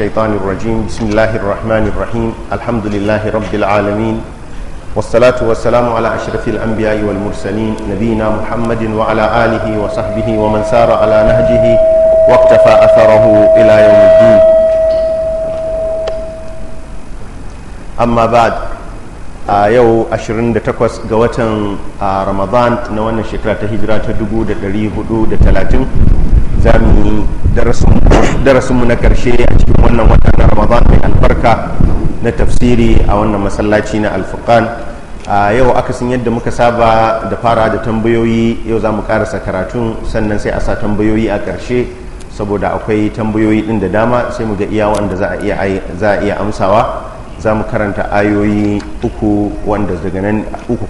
الشيطان الرجيم بسم الله الرحمن الرحيم الحمد لله رب العالمين والصلاة والسلام على أشرف الأنبياء والمرسلين نبينا محمد وعلى آله وصحبه ومن سار على نهجه واقتفى أثره إلى يوم الدين أما بعد a yau 28 ga watan ramadan na wannan shekara ta hijira ta 430 za mu darasinmu na karshe a cikin wannan wata na ramadan mai albarka na tafsiri a wannan masallaci na alfuqan a yau akasin yadda muka saba da fara da tambayoyi yau za mu karasa karatun sannan sai a sa tambayoyi a karshe saboda akwai tambayoyi din da dama sai mu ga iya wanda za a iya amsawa za mu karanta ayoyi uku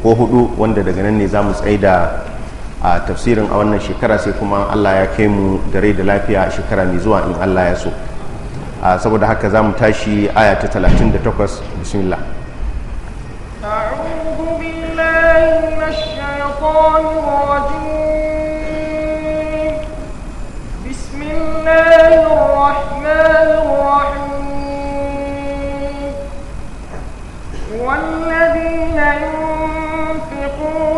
ko hudu wanda daga nan ne za mu tsaida. a tafsirin a wannan shekara sai kuma allah ya kai mu da rai da lafiya a shekara mai zuwa in allah ya so saboda haka za mu tashi aya ta 38 bismillah والذين يؤمنون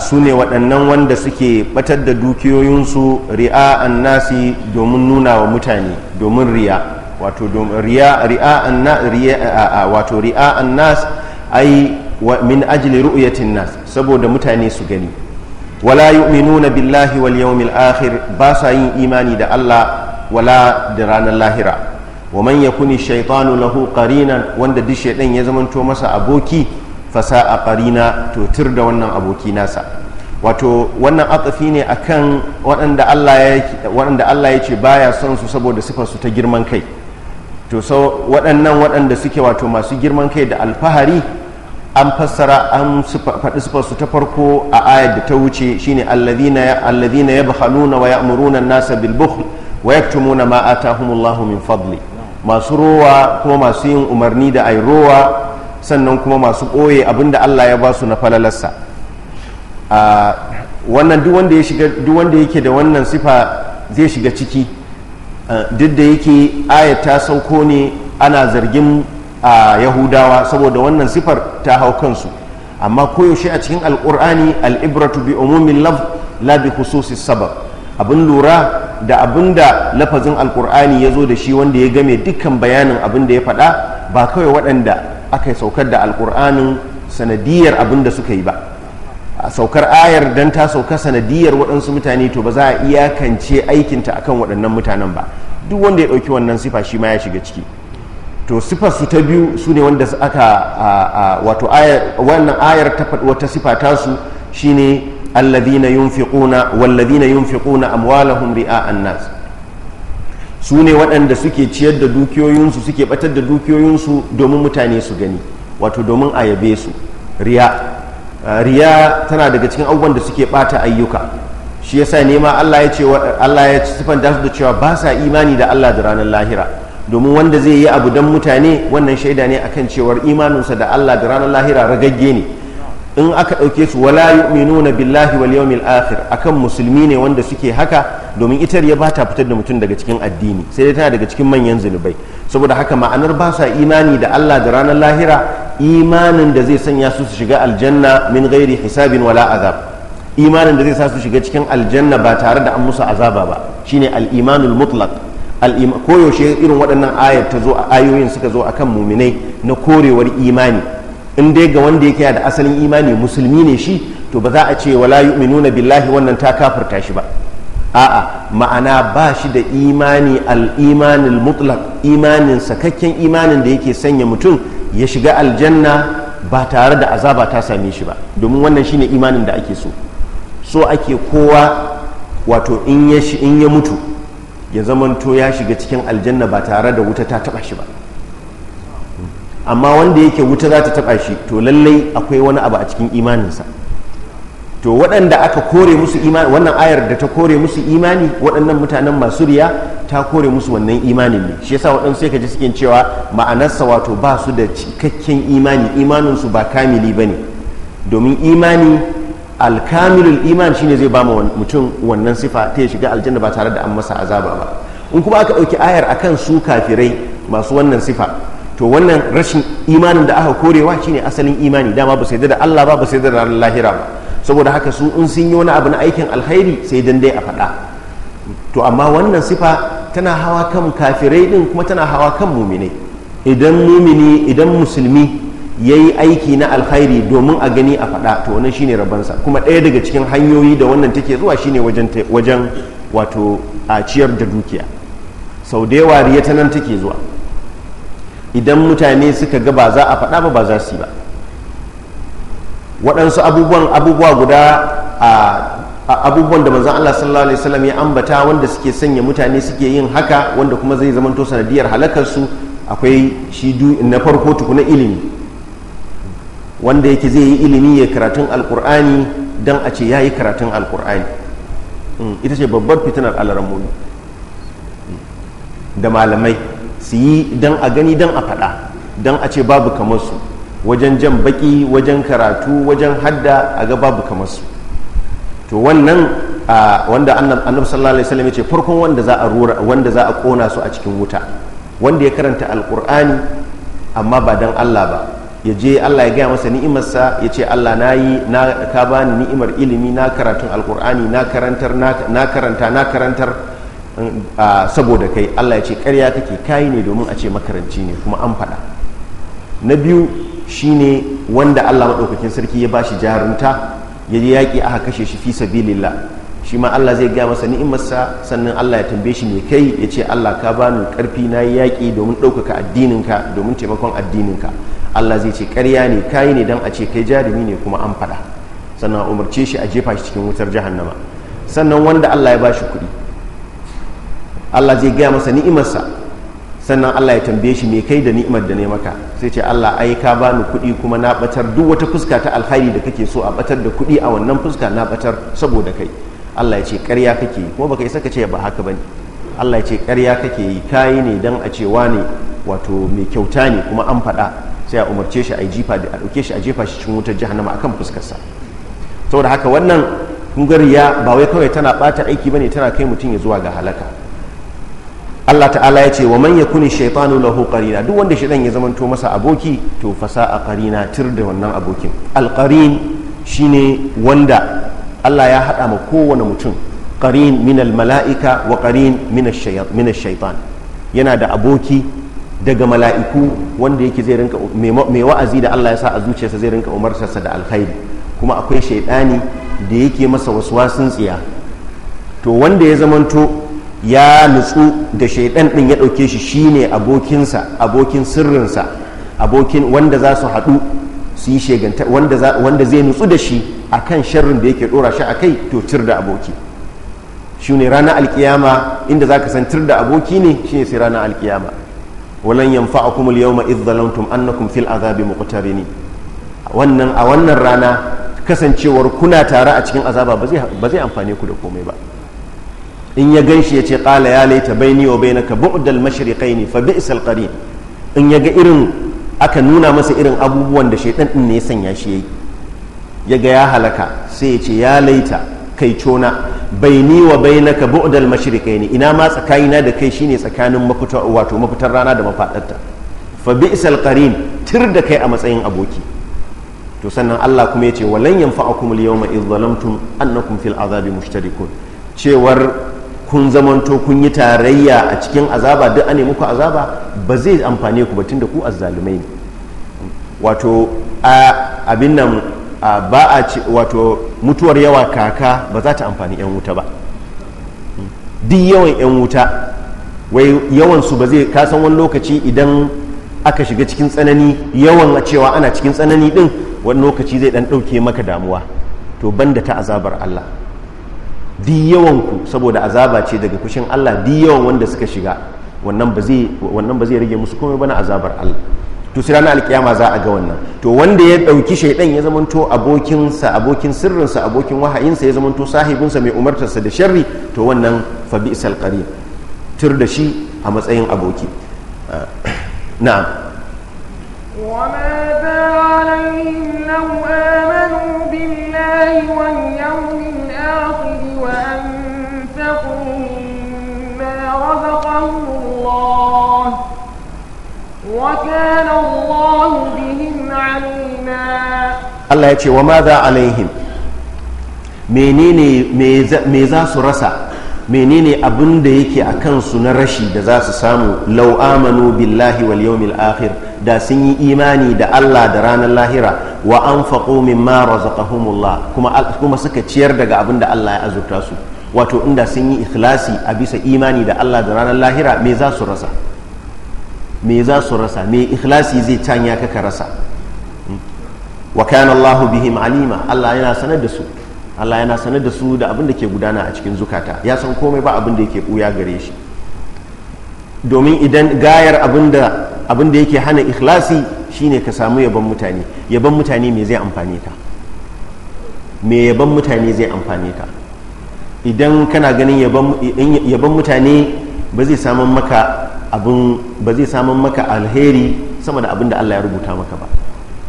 su ne waɗannan wanda suke batar da dukiyoyinsu ri'a an nasi domin nuna wa mutane domin ri'a. wato ri'a an nas ai min ajli ru'yatin nas saboda mutane su gani wala yu'minuna billahi wal yawmil akhir ba sa yin imani da Allah wala da ranar lahira wa man yakuni shaytanu lahu qarinan wanda duk shaydan ya zamanto masa aboki fasa a ƙarina to da wannan aboki nasa wato wannan atsafi ne a kan waɗanda Allah ya ce baya son su saboda sifarsu ta girman kai to so waɗannan waɗanda suke wato masu girman kai da alfahari an fassara an faɗi sifarsu ta farko a ayar da ta wuce shine alladhina hannuna wa ya'muruna nasa bil bukhl wa yaktumuna ma atahumullahu min fadli masu rowa ko masu yin umarni da ai rowa sannan kuma masu ɓoye abinda Allah ya ba su na falalarsa wannan duk wanda yake da wannan sifa zai shiga ciki duk da yake ayata ta sauko ne ana zargin a yahudawa saboda wannan sifar ta hau kansu amma koyaushe a cikin alkur'ani al'ibratu bi umumin laf la bi sabab abin lura da abin da lafazin al'ur'ani ya zo da shi wanda ya game dukkan bayanin abin da ya faɗa ba kawai waɗanda aka saukar da alkur'anin sanadiyar abin da suka yi ba a saukar ayar don ta sauka sanadiyar waɗansu mutane to ba za a iyakance aikinta akan waɗannan mutanen ba duk wanda ya ɗauki wannan sifa shi ma ya shiga ciki to sifar su ta biyu su ne wanda aka wato wannan ayar ta faɗi wata sifa ta su shine alladhina yunfiquna walladhina yunfiquna amwalahum ri'a an-nas su ne waɗanda suke ciyar da dukiyoyinsu suke batar da dukiyoyinsu domin mutane su gani wato domin a yabe su riya riya tana daga cikin abubuwan da suke bata ayyuka shi yasa nema Allah ya ce Allah ya sifanta su da cewa ba sa imani da Allah da ranar lahira domin wanda zai yi abu don mutane wannan shaida ne akan cewar imaninsa da Allah da ranar lahira ragagge ne in aka ɗauke su wala nuna billahi wal yawmil akhir akan musulmi ne wanda suke haka domin itar ya ta fitar da mutum daga cikin addini sai dai tana daga cikin manyan zunubai saboda haka ma'anar ba sa imani da Allah da ranar lahira imanin da zai sanya su su shiga aljanna min ghairi hisabin wala azab imanin da zai sa su shiga cikin aljanna ba tare da an musu azaba ba shine al-imanul koyaushe irin waɗannan ayat ta zo ayoyin suka zo akan muminai na korewar imani in dai ga wanda yake da asalin imani musulmi ne shi to ba za a ce wala yu'minuna billahi wannan ta kafirta shi ba a'a ma'ana ba shi da imani al-imanil mutlaq imanin sakakken imanin da yake sanya mutum ya shiga aljanna ba tare da azaba ta same shi ba domin wannan shine imanin da ake so so ake kowa wato in ya mutu ya zamanto ya shiga cikin aljanna ba tare da wuta ta taba shi ba amma wanda yake wuta za ta taba shi to lallai akwai wani abu a cikin imaninsa to waɗanda aka kore musu imani wannan ayar da ta kore musu imani waɗannan mutanen masu riya ta kore musu wannan imanin ne shi yasa waɗansu sai ka ji cikin cewa ma'anarsa wato ba su da cikakken imani imaninsu ba kamili ba ne domin imani alkamilul iman shine zai ba mutum wannan sifa ta ya shiga aljanna ba tare da an masa azaba ba in kuma aka ɗauki ayar akan su kafirai masu wannan sifa to wannan rashin imanin da aka korewa shine asalin imani dama ba sai da Allah ba ba sai da ranar lahira ba saboda haka su in sun yi wani abu na aikin alkhairi sai dan dai a faɗa to amma wannan sifa tana hawa kan kafirai din kuma tana hawa kan muminai idan mumini idan musulmi ya yi aiki na alkhairi domin a gani a faɗa to wannan shine rabansa kuma ɗaya daga cikin hanyoyi da wannan take zuwa shine wajen wajen wato a ciyar da dukiya sau da yawa riya ta nan take zuwa idan mutane suka ga ba za a faɗa ba ba za su yi ba waɗansu abubuwan abubuwa guda a abubuwan da manzan Allah sallallahu alaihi wasallam ya ambata wanda suke sanya mutane suke yin haka wanda kuma zai zama to sanadiyar halakarsu akwai shi na farko tukuna ilimi wanda yake zai yi ilimi ya karatun alkur'ani don a ce ya yi karatun alkur'ani hmm, ita ce babbar fitinar alaramuni hmm, da malamai su yi don a gani don a faɗa don a ce babu kamar su wajen jan baki wajen karatu wajen hadda a ga babu kamar su to wannan wanda annab sallallahu alaihi wasallam ce farkon wanda za a wanda za a kona su a cikin wuta wanda ya karanta alkur'ani. amma ba dan Allah ba ya je Allah ya gaya masa ni'imarsa ya ce Allah na yi na ka bani ni'imar ilimi na karatun alkur'ani na karantar na karanta na karantar Ah, saboda kai Allah ya ce karya take kayi ne domin a ce makaranci ne kuma an faɗa na biyu shine wanda Allah maɗaukakin sarki ya bashi jarunta ya je yaƙi aka kashe shi fi sabilillah shi ma Allah zai gaya masa ni'imarsa sannan Allah ya tambaye shi me kai ya ce Allah ka bani karfi na yi yaƙi domin ɗaukaka addininka domin taimakon addininka Allah zai ce karya ne kayi ne don a ce kai jarumi ne kuma an faɗa sannan umarce shi a jefa shi cikin wutar jahannama sannan wanda Allah ya ba shi kuɗi Allah zai gaya masa ni'imarsa sannan Allah ya tambaye shi me kai da ni'imar da ne maka sai ce Allah ai ka bani kuɗi kuma na batar duk wata fuska ta alkhairi da kake so a batar da kuɗi a wannan fuska na batar saboda kai Allah ya ce ƙarya kake yi kuma baka isa ka ce ba haka bane Allah ya ce ƙarya kake yi kayi ne dan a cewa ne wato mai kyauta ne kuma an faɗa sai a umarce shi a jifa a ɗauke shi a jefa shi cikin wutar jahannama akan fuskarsa saboda haka wannan kungar ya ba wai kawai tana bata aiki bane tana kai mutum ya zuwa ga halaka Allah ta'ala ya ce wa man yakuni shaytanu lahu qarina duk wanda shaytan ya zamanto masa aboki to fasa a qarina tir da wannan abokin alqarin shine wanda Allah ya hada ma kowane mutum qarin min mala'ika wa qarin min shaytan yana da aboki daga mala'iku wanda yake zai rinka mai wa'azi da Allah ya sa a zuciyarsa zai rinka umartarsa da alkhairi kuma akwai shaytani da yake masa wasu tsiya to wanda ya zamanto ya nutsu da shaidan din ya ɗauke shi shine abokinsa abokin sirrinsa abokin wanda za su haɗu su yi shaganta wanda zai nutsu da shi kan sharrin da yake ɗora shi a kai to tir da aboki shi ne ranar alkiyama inda za ka san tir da aboki ne shi ne sai rana alkiyama walan yanfa'akum al-yawma idh zalamtum annakum fil azabi muqtarini wannan a wannan rana kasancewar kuna tare a cikin azaba ba zai amfane ku da komai ba in ya shi ya ce kala ya laita bai baini wa bainaka bu'dal ne fa isal qarin in ya ga irin aka nuna masa irin abubuwan da shaidan din ne ya sanya shi yayi ya ga ya halaka sai ya ce ya laita kai cona ni wa bainaka bu'dal ne ina ma tsakanina da kai shine tsakanin mafitar wato mafitar rana da mafadarta fa isal qarin tir da kai a matsayin aboki to sannan Allah kuma ya ce walan yanfa'akum al-yawma idh zalamtum annakum fil azabi mushtarikun cewar kun zamanto kun yi tarayya a cikin azaba duk ane muku azaba ba zai amfane ku batun da ku azzalumai ne wato abin nan ba a ci wato mutuwar yawa kaka ba za ta amfani yan wuta ba duk yawan yan wuta wai yawansu ba zai kasan wani lokaci idan aka shiga cikin tsanani yawan cewa ana cikin tsanani din wani lokaci zai dan ɗauke maka damuwa to banda ta azabar Allah di yawanku saboda azaba ce daga kushin Allah di yawan wanda suka shiga wannan ba zai rage musu komai bana azabar Allah to sai ranar alkiyama za a ga wannan to wanda ya dauki shaidan ya zama abokinsa abokin sirrinsa abokin wahayinsa ya zamanto sa mai umartarsa da sharri to wannan fa bi'sal qarin tur da shi a matsayin aboki ah, na'am wa ma alaihim law amanu billahi wal yawmil akhir وأنفقوا مما رزقهم الله وكان الله بهم عليما الله يقول وماذا عليهم menene me za su rasa menene abin da yake a kansu na rashi da za su samu lau amanu billahi wal yawmil akhir da sun yi imani da Allah da ranar lahira wa an anfaqu min razaqahumullah kuma kuma suka ciyar daga abin da Allah ya azurta su wato inda sun yi ikhlasi a bisa imani da Allah da ranar lahira me za su rasa me za su rasa me ikhlasi zai canya kaka rasa hmm? wa kana Allahu bihim alima Allah yana sanar da su Allah yana sanar da su da abin da ke gudana a cikin zukata ya san komai ba abin da yake ɓuya gare shi domin idan gayar abin da yake hana ikhlasi shine ka samu yaban mutane yaban mutane me zai amfane ka me yaban mutane zai amfane ka idan kana ganin yaban mutane ba zai samun maka abin ba zai samun maka alheri sama da abin da Allah ya rubuta maka ba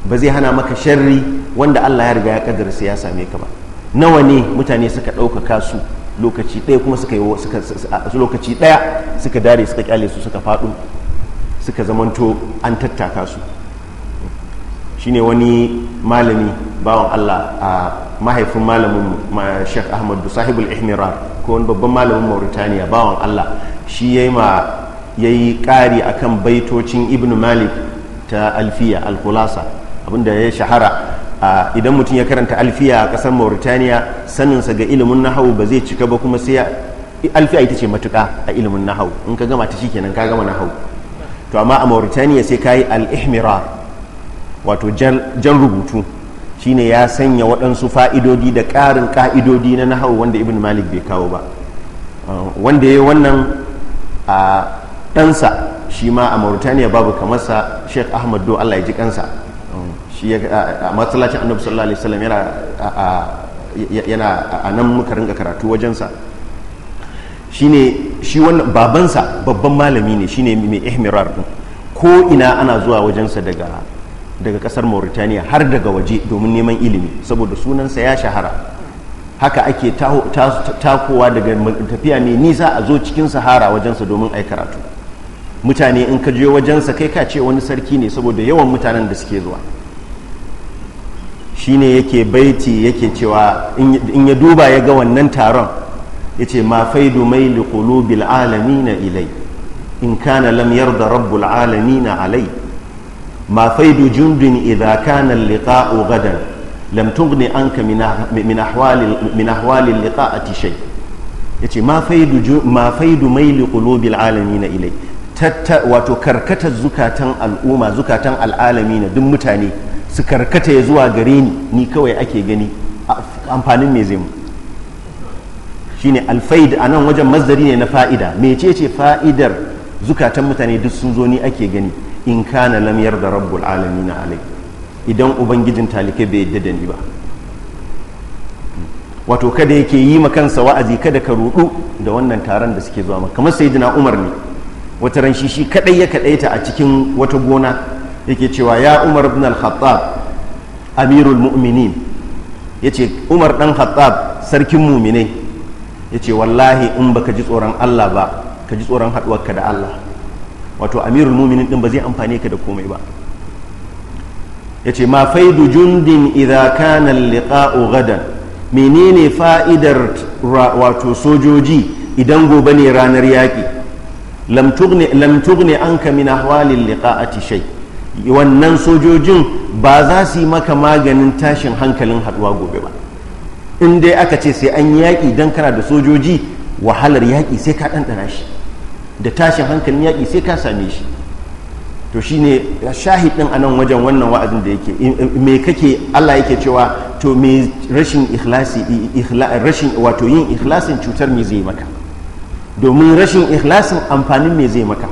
ba zai hana maka sharri wanda Allah ya riga ya kadarsa ya same ka ba nawa ne mutane suka ɗaukaka su lokaci ɗaya kuma suka yi lokaci ɗaya suka dare suka kyale su suka faɗo suka zamanto an tattaka su shine wani malami bawan Allah a mahaifin malamin Sheikh Ahmad sahibul ihmirar ko wani babban malamin Mauritaniya bawan Allah shi yayi ma yayi ƙari akan baitocin Ibn Malik ta alfiya al-khulasa abinda ya shahara idan mutum ya karanta alfiya a kasar mauritaniya saninsa ga ilimin nahawu ba zai cika ba kuma sai alfiya ita ce matuka a ilimin nahawu in ka gama ta kenan ka gama nahawu to amma a mauritaniya sai ka yi al'ihmira wato jan rubutu shine ya sanya waɗansu fa'idodi da ƙarin ƙa'idodi na nahawu wanda ibn malik bai kawo ba wanda ya yi wannan a ɗansa shi ma a mauritaniya babu kamar sa sheikh ahmad do allah ya ji kansa shi a masallacin annabi sallallahu alaihi wasallam yana yana a nan muka ringa karatu wajensa shine shi wannan babansa babban malami ne shine mai ihmirar din ko ina ana zuwa wajensa daga daga kasar Mauritania har daga waje domin neman ilimi saboda sunansa ya shahara haka ake takowa daga tafiya mai nisa a zo cikin sahara wajensa domin ai karatu mutane in ka je wajensa kai ka ce wani sarki ne saboda yawan mutanen da suke zuwa shine yake baiti yake cewa in ya duba ya ga wannan taron ya ce ma faidu mai bil'alami na ilai in kana lamyar da rabbul na alai ma faidu jundun idha kana liqa'u gadan lam an anka ah-, min ahwali min a tishai ya ce ma faidu ma faidu mai liqulubil ilai wato karkatar zukatan al'umma zukatan al'alami na duk mutane su karkata ya zuwa gare ni ni kawai ake gani amfanin me zai mu shine alfaid a nan wajen mazari ne na fa'ida mecece fa'idar zukatan mutane duk sun zo ni ake gani in kana lamyar da rabbul na alai idan ubangijin talikai bai yadda da ni ba wato kada yake yi makansa wa'azi kada ka rudu da wannan taron da suke zuwa maka kamar sayyidina umar ne wata ran shi shi kadai ya kadaita a cikin wata gona yake cewa ya umar ibn al-khattab amirul mu'minin yace umar dan khattab sarkin mu'minai yace wallahi in baka ji tsoron Allah ba ka ji tsoron haduwarka da Allah wato amirul mu'minin din ba zai amfane ka da komai ba yace ma faidu jundin idza kana liqa'u gadan menene fa'idar wato sojoji idan gobe ne ranar yaki lam tughni lam tughni anka min ahwali liqa'ati shay' wannan sojojin ba za su yi maka maganin tashin hankalin haduwa gobe ba in dai aka ce sai an yi yaƙi don kana da sojoji wahalar yaƙi sai ka ɗanɗana shi da tashin hankalin yaƙi sai ka same shi to shine shahid ɗin a nan wajen wannan wa'azin da yake me kake Allah yake cewa to me rashin wato yin ikhlasin cutar me zai maka domin rashin ikhlasin amfanin me zai maka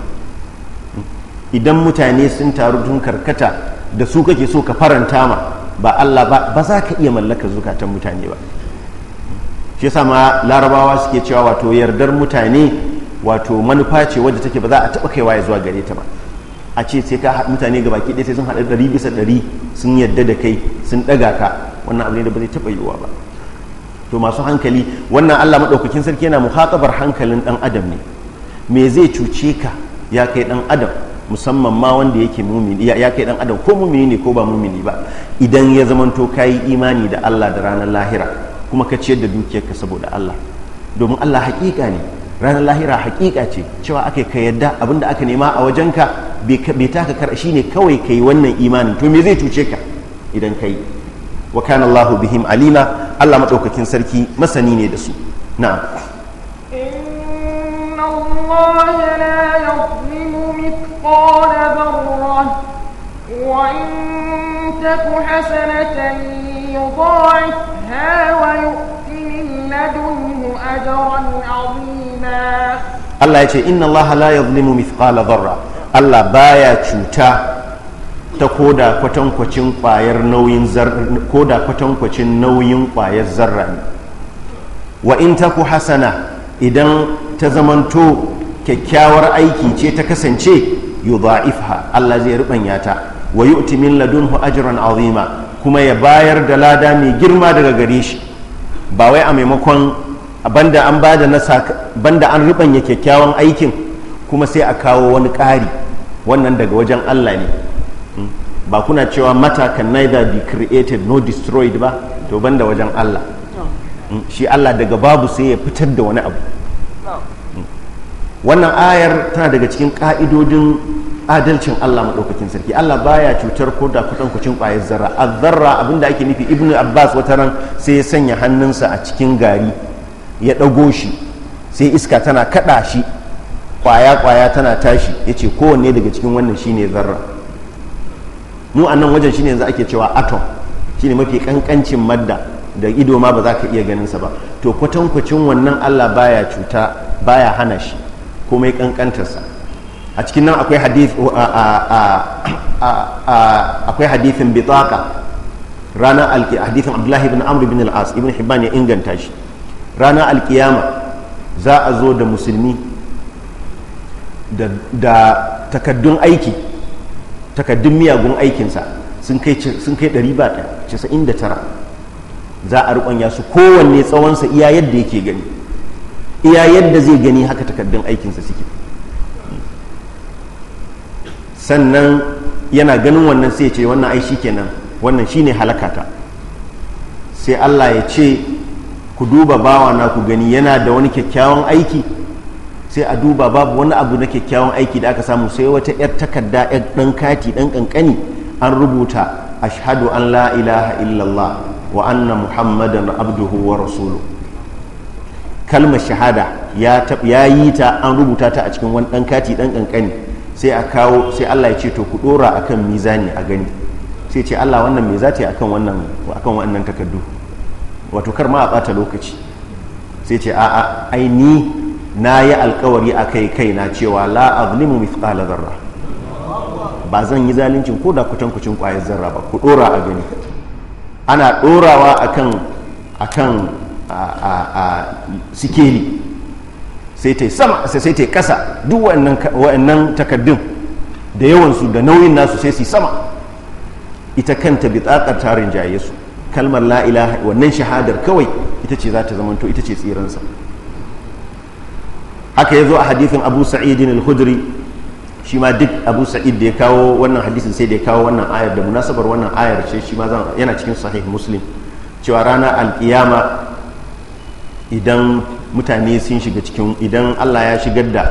idan mutane sun taru tun karkata da su kake so ka faranta ma ba Allah ba za ka iya mallaka zukatan mutane ba shi sama ma larabawa suke cewa wato yardar mutane wato manufa ce wadda take ba za a taba kaiwa ya zuwa gare ta ba a ce sai ka mutane ga baki ɗaya sai sun haɗa ɗari bisa ɗari sun yadda da kai sun ɗaga ka wannan abu ne da ba zai taɓa yiwuwa ba to masu hankali wannan allah maɗaukakin sarki yana muhaƙabar hankalin ɗan adam ne me zai cuce ka ya kai ɗan adam musamman ma wanda yake mumini ya kai dan adam ko mumini ne ko ba mumini ba idan ya zamanto kayi imani da Allah da ranar lahira kuma ka ciyar da dukiyarka saboda Allah domin Allah hakika ne ranar lahira hakika ce cewa aka ka yadda abinda aka nema a wajen ka bai taka kar ne kawai kai wannan imanin to me zai cuce ka idan kai wa kana Allahu bihim alima Allah madaukakin sarki masani ne da su na'am مثقال ذرة وإن تك حسنة يضاعفها ويؤتي من لدنه أجرا عظيما الله يقول إن الله لا يظلم مثقال ذرة الله بايا تشوتا ta koda kwatankwacin kwayar nauyin koda kwatankwacin nauyin kwayar zarra ne wa in ta ku hasana idan ta zamanto kyakkyawar aiki ce ta kasance yudha'ifha Allah zai rubanya ta wa yu'ti min ladunhu ajran azima kuma ya bayar da lada mai girma daga gare shi ba wai a maimakon banda an bada na banda an rubanya kyakkyawan aikin kuma sai a kawo wani ƙari wannan daga wajen Allah ne hmm? ba kuna cewa mata can neither be created no destroyed ba to banda wajen Allah hmm? shi Allah daga babu sai ya fitar da wani abu wannan ayar tana daga cikin ka'idodin adalcin Allah maɗaukakin sarki Allah baya cutar ko da kuɗin kucin ƙwayar zarra a zarra abinda ake nufi ibnu abbas wata ran sai ya sanya hannunsa a cikin gari ya ɗago shi sai iska tana kaɗa shi ƙwaya ƙwaya tana tashi ya ce kowanne daga cikin wannan shine zarra mu a nan wajen shine yanzu ake cewa atom shine mafi ƙanƙancin madda da ido ma ba za ka iya ganinsa ba to kwatankwacin wannan Allah baya cuta baya hana shi komai kankantarsa a cikin nan akwai uh, uh, uh, hadithin bitaka ranar alkiyar hadithin abdullahi ibn amr ibn al'as ibn hibban ya inganta shi rana alkiyama za a zo da musulmi da takaddun aiki takaddun miyagun aikinsa sun kai 199 za a rikon su kowanne tsawonsa iya yadda yake gani iya yadda zai gani haka takaddun aikinsa suke sannan yana ganin wannan sai ce wannan ai kenan wannan shine halakata sai Allah ya ce ku duba bawa na ku gani yana da wani kyakkyawan aiki sai a duba babu wani abu na kyakkyawan aiki da aka samu sai wata 'yar takarda 'yar ɗan kati ɗan ƙanƙani an rubuta ashhadu an la ilaha illallah wa anna muhammadan abduhu wa rasuluhu kalmar shahada ya yi ta an rubuta ta a cikin wani ɗan kati ɗan ƙanƙani sai a kawo sai Allah ya ce to ku ɗora a kan mizani a gani sai ce Allah wannan me za ta yi akan wannan akan wannan takardu wato kar ma a ɓata lokaci sai ce a'a ai ni na yi alkawari a kai kai na cewa la azlimu mithqala zarra ba zan yi zalincin ko da kucin kwayar zarra ba ku ɗora a gani ana ɗorawa akan akan a sikeli sai ta sama sai ta kasa duk wa'annan takaddun da yawansu da nauyin nasu sai su sama ita kanta tsakar tarin jaye su kalmar la'ila wannan shahadar kawai ita ce za ta zamanto ita ce tsiransa haka ya zo a hadithin abu sa'idin al-hudri shi ma duk abu sa'id da ya kawo wannan hadisin sai da ya kawo wannan ayar da munasabar wannan ayar ce shi ma yana cikin sahih muslim cewa rana alkiyama idan mutane sun shiga cikin idan allah ya shigar da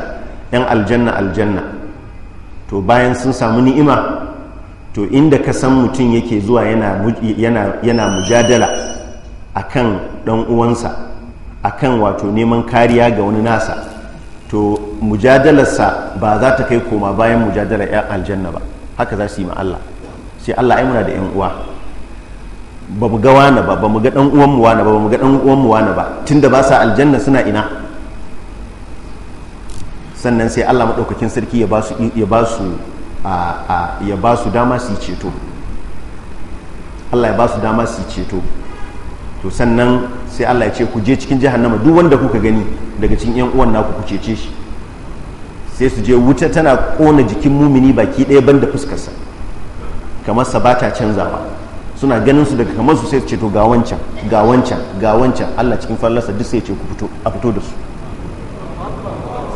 'yan aljanna aljanna to bayan sun samu ni'ima to inda ka san mutum yake zuwa yana mujadala a kan uwansa a kan wato neman kariya ga wani nasa to mujadalarsa ba za ta kai koma bayan mujadala 'yan aljanna ba haka za su yi ma allah sai allah ai muna da 'yan uwa ba mu ga wani ba ba mu ga dan uwan mu wani ba ba mu ga dan uwan mu wani ba tunda ba sa aljanna suna ina sannan sai Allah madaukakin sarki ya ba su ya ba su ya ba su dama su yi ceto Allah ya ba su dama su yi ceto to sannan sai Allah ya ce ku je cikin jahannama duk wanda kuka gani daga cikin yan uwan naku ku cece shi sai su je wuta tana kona jikin mumini baki ɗaya banda fuskarsa kamar sa ba sabata canzawa suna ganin su daga kamar su sai ce to ga wancan ga wancan Allah cikin fallasa duk sai ce a fito da su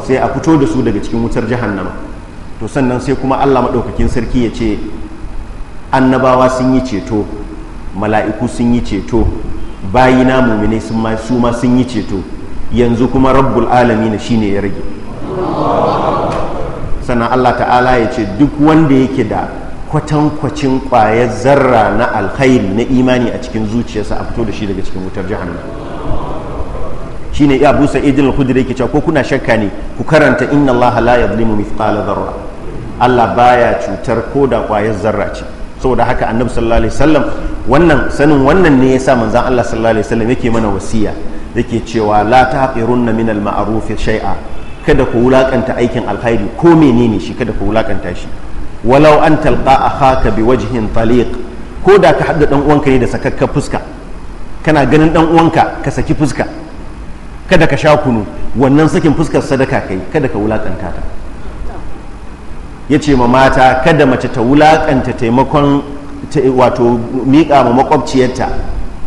sai a fito da su daga cikin wutar jahannama to sannan sai kuma Allah madaukakin sarki ya ce annabawa sun yi ceto mala'iku sun yi ceto bayina mumine sun ma su ma sun yi ceto yanzu kuma rabbul alamin shine ya rage sannan Allah ta'ala ya ce duk wanda yake da kwatankwacin kwayar zarra na alkhairi na imani a cikin zuciyarsa a fito da shi daga cikin wutar jahannam shine ya busa idil al-khudri yake cewa ko kuna shakka ne ku karanta inna Allah la yadhlimu mithqala zarra. Allah baya cutar ko da kwayar zarra ce saboda haka annabi sallallahu alaihi wasallam wannan sanin wannan ne yasa manzon Allah sallallahu alaihi wasallam yake mana wasiya yake cewa la tahqirunna min al-ma'ruf shay'a kada ku wulakanta aikin alkhairi ko menene shi kada ku wulakanta shi walau an talqa bi wajihin taliq ko da ka haɗa ɗan uwanka ne da sakakka fuska kana ganin ɗan uwanka ka saki fuska kada ka sha kunu wannan sakin fuskar sadaka kai kada ka wulakanta ta ya ce ma mata kada mace ta wulakanta taimakon wato miƙa ma makwabciyarta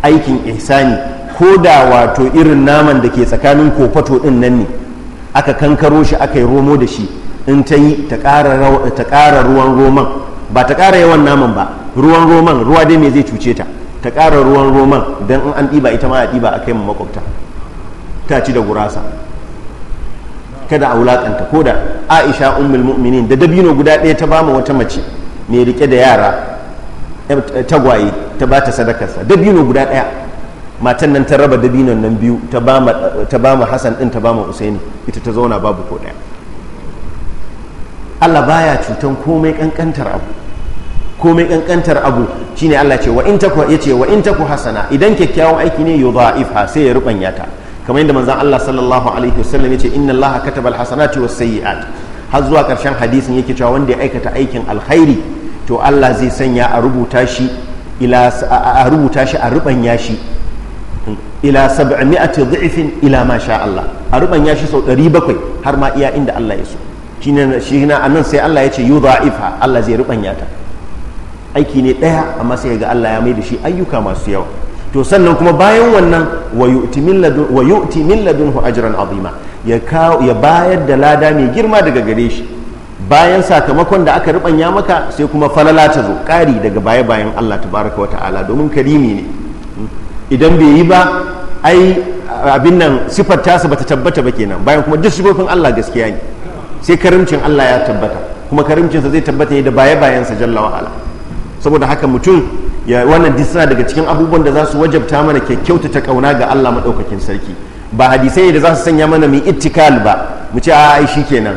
aikin ihsani ko da wato irin naman da ke tsakanin kofato ɗin nan ne aka kankaro shi aka yi romo da shi in ta yi ta ƙara ruwan roman ba ta ƙara yawan naman ba ruwan roman ruwa dai mai zai cuce ta ta ƙara ruwan roman don in an ɗiba ita ma a ɗiba a kai mu makwabta ta ci da gurasa kada a wulaƙanta ko da aisha ummul mu'minin da dabino guda ɗaya ta bama wata mace mai rike da yara tagwaye ta ba ta sadakarsa dabino guda ɗaya matan nan ta raba dabinon nan biyu ta bama hassan ɗin ta bama usaini ita ta zauna babu ko ɗaya Allah baya cutan komai kankantar abu komai kankantar abu shine Allah ce wa in taku yace wa in taku hasana idan kyakkyawan aiki ne yudha'ifha sai ya rubanya ta kamar yadda manzon Allah sallallahu alaihi wasallam yace inna Allah kataba alhasanati wasayyi'at har zuwa karshen hadisin yake cewa wanda ya aikata aikin alkhairi to Allah zai sanya a rubuta shi ila a rubuta shi a rubanya shi ila 700 dhifin ila ma sha Allah a rubanya shi sau 700 har ma iya inda Allah ya so shi na anan sai Allah ya ce yu za'ifa Allah zai rubanya ta aiki ne ɗaya amma sai ga Allah ya mai da shi ayyuka masu yawa to sannan kuma bayan wannan wa yu'ti min ladunhu ajran azima ya ya bayar da lada mai girma daga gare shi bayan sakamakon da aka rubanya maka sai kuma falala ta zo kari daga baya bayan Allah tabaraka wa ta'ala domin karimi ne idan bai yi ba ai abin nan sifar tasa bata tabbata ba kenan bayan kuma duk shugofin Allah gaskiya ne sai karimcin Allah ya tabbata kuma karimcinsa zai tabbata da baya bayansa jalla wa'ala saboda haka mutum ya wannan disna daga cikin abubuwan da za su wajabta mana kyakkyauta ta kauna ga Allah maɗaukakin sarki ba hadisai da za su sanya mana mu ittikal ba mu ce a ai kenan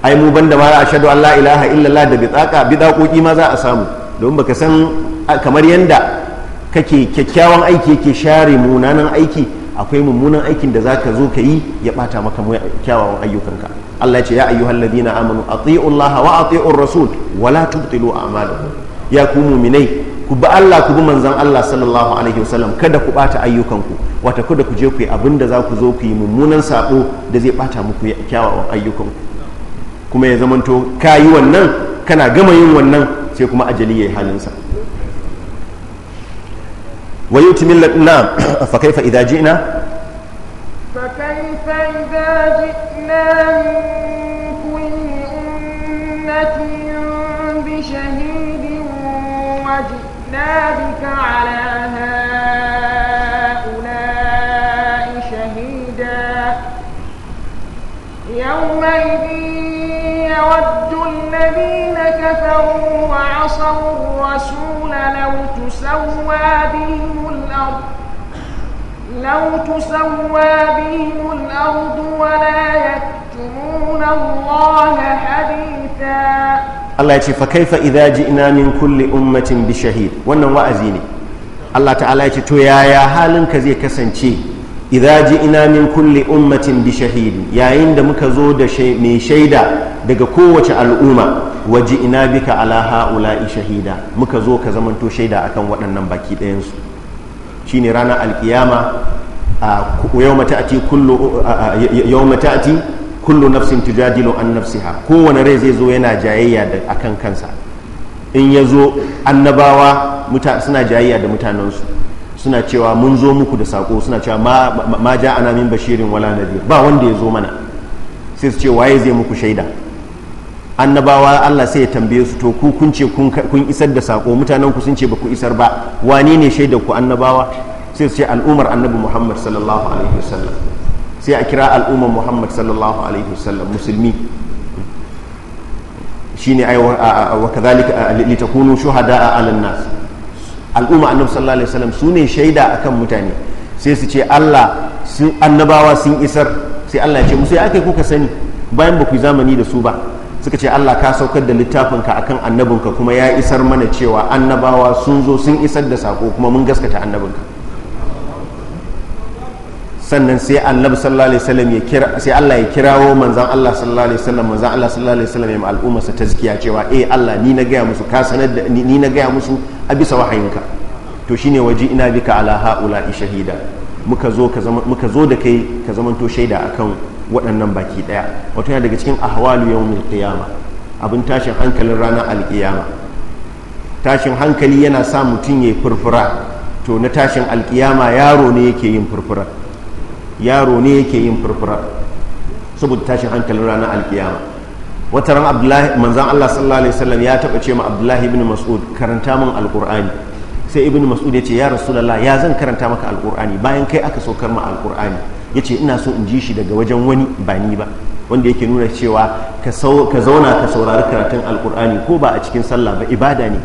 ai mu banda ma ashhadu an la ilaha illallah da bidaka bidakoki ma za a samu domin baka san kamar yanda kake kyakkyawan aiki yake share munanan aiki akwai mummunan aikin da zaka zo ka yi ya bata maka kyawawan ayyukanka Allah ce ya ayyuhal ladina amanu ati'u Allah wa a ati'u rasul wa la a a'malakum ya ku mu'minai ku bi Allah ku bi manzan Allah sallallahu alaihi wasallam kada ku bata ayyukanku wata kada ku je ku yi abin da za ku zo ku yi mummunan sabo da zai bata muku kyawawan ayyukanku kuma ya zamanto ka yi wannan kana gama yin wannan sai kuma ajali yi halinsa wa halinsa. na fa kaifa idza فإذا جئنا من كل أمة بشهيد وجئنا بك على هؤلاء شهيدا يومئذ يود الذين كفروا وعصوا الرسول لو تسوى بهم kautusan wabi mu laudu ne ya turura goge hadisa. allah ya ce fa ka faɗi daji ina mun kulle ummatin bi shahida wannan wa'azi ne. allah ta'ala ya ce to yaya zai kasance idanji ina mun kulle ummatin bi shahida yayin da muka zo da mai shaida daga kowace al'umma waje ina bika allah a'ul'ai shahida muka zo ka zamanto shaida akan baki dayansu. shine ranar alkiyama yau ta'ati kullu kullu nafsin tujadilu an nafsiha kowane rai zai zo yana jayayya da akan kansa in ya zo annabawa suna jayayya da mutanensu suna cewa mun zo muku da sako suna cewa ma ja ana min bashirin wala nadir ba wanda ya zo mana sai su ce waye zai muku shaida annabawa Allah sai ya tambaye su to ku kun ce kun isar da sako mutanen ku sun ce ba ku isar ba wani ne shaidar ku annabawa sai su ce al'umar annabi Muhammad sallallahu alaihi wasallam sai a kira al'umar Muhammad sallallahu alaihi wasallam musulmi shine ai wa kadhalika takunu shuhada ala nas al'umma annabi sallallahu alaihi wasallam sune shaida akan mutane sai su ce Allah sun annabawa sun isar sai Allah ya ce musu ya ake kuka sani bayan ba ku zamani da su ba suka ce Allah ka saukar da littafinka akan annabinka kuma ya isar mana cewa annabawa sun zo sun isar da sako kuma mun gaskata annabinka sannan sai annabi sallallahu alaihi wasallam ya kira sai Allah ya kirawo manzon Allah sallallahu alaihi wasallam manzon Allah sallallahu alaihi wasallam ya al'umma sa tazkiya cewa eh Allah ni na gaya musu ka sanar da ni na gaya musu a bisa wahayinka to shine waji ina bika ala haula shahida muka zo ka zama muka zo da kai ka zamanto shaida akan waɗannan baki ɗaya wato yana daga cikin ahwalu yawmil qiyama abin tashin hankalin ranar alkiyama tashin hankali yana sa mutum ya furfura to na tashin alkiyama yaro ne yake yin furfura yaro ne yake yin furfura saboda tashin hankalin ranar alkiyama wata ran abdullahi manzan allah sallallahu alaihi wasallam ya taɓa ce ma abdullahi ibn mas'ud karanta min alqur'ani sai ibn mas'ud ya ce ya rasulullah ya zan karanta maka alqur'ani bayan kai aka saukar ma alqur'ani ya ce ina so in ji shi daga wajen wani ba ni ba wanda yake nuna cewa ka zauna ka saurari karatun alkur'ani ko ba a cikin sallah ba ibada ne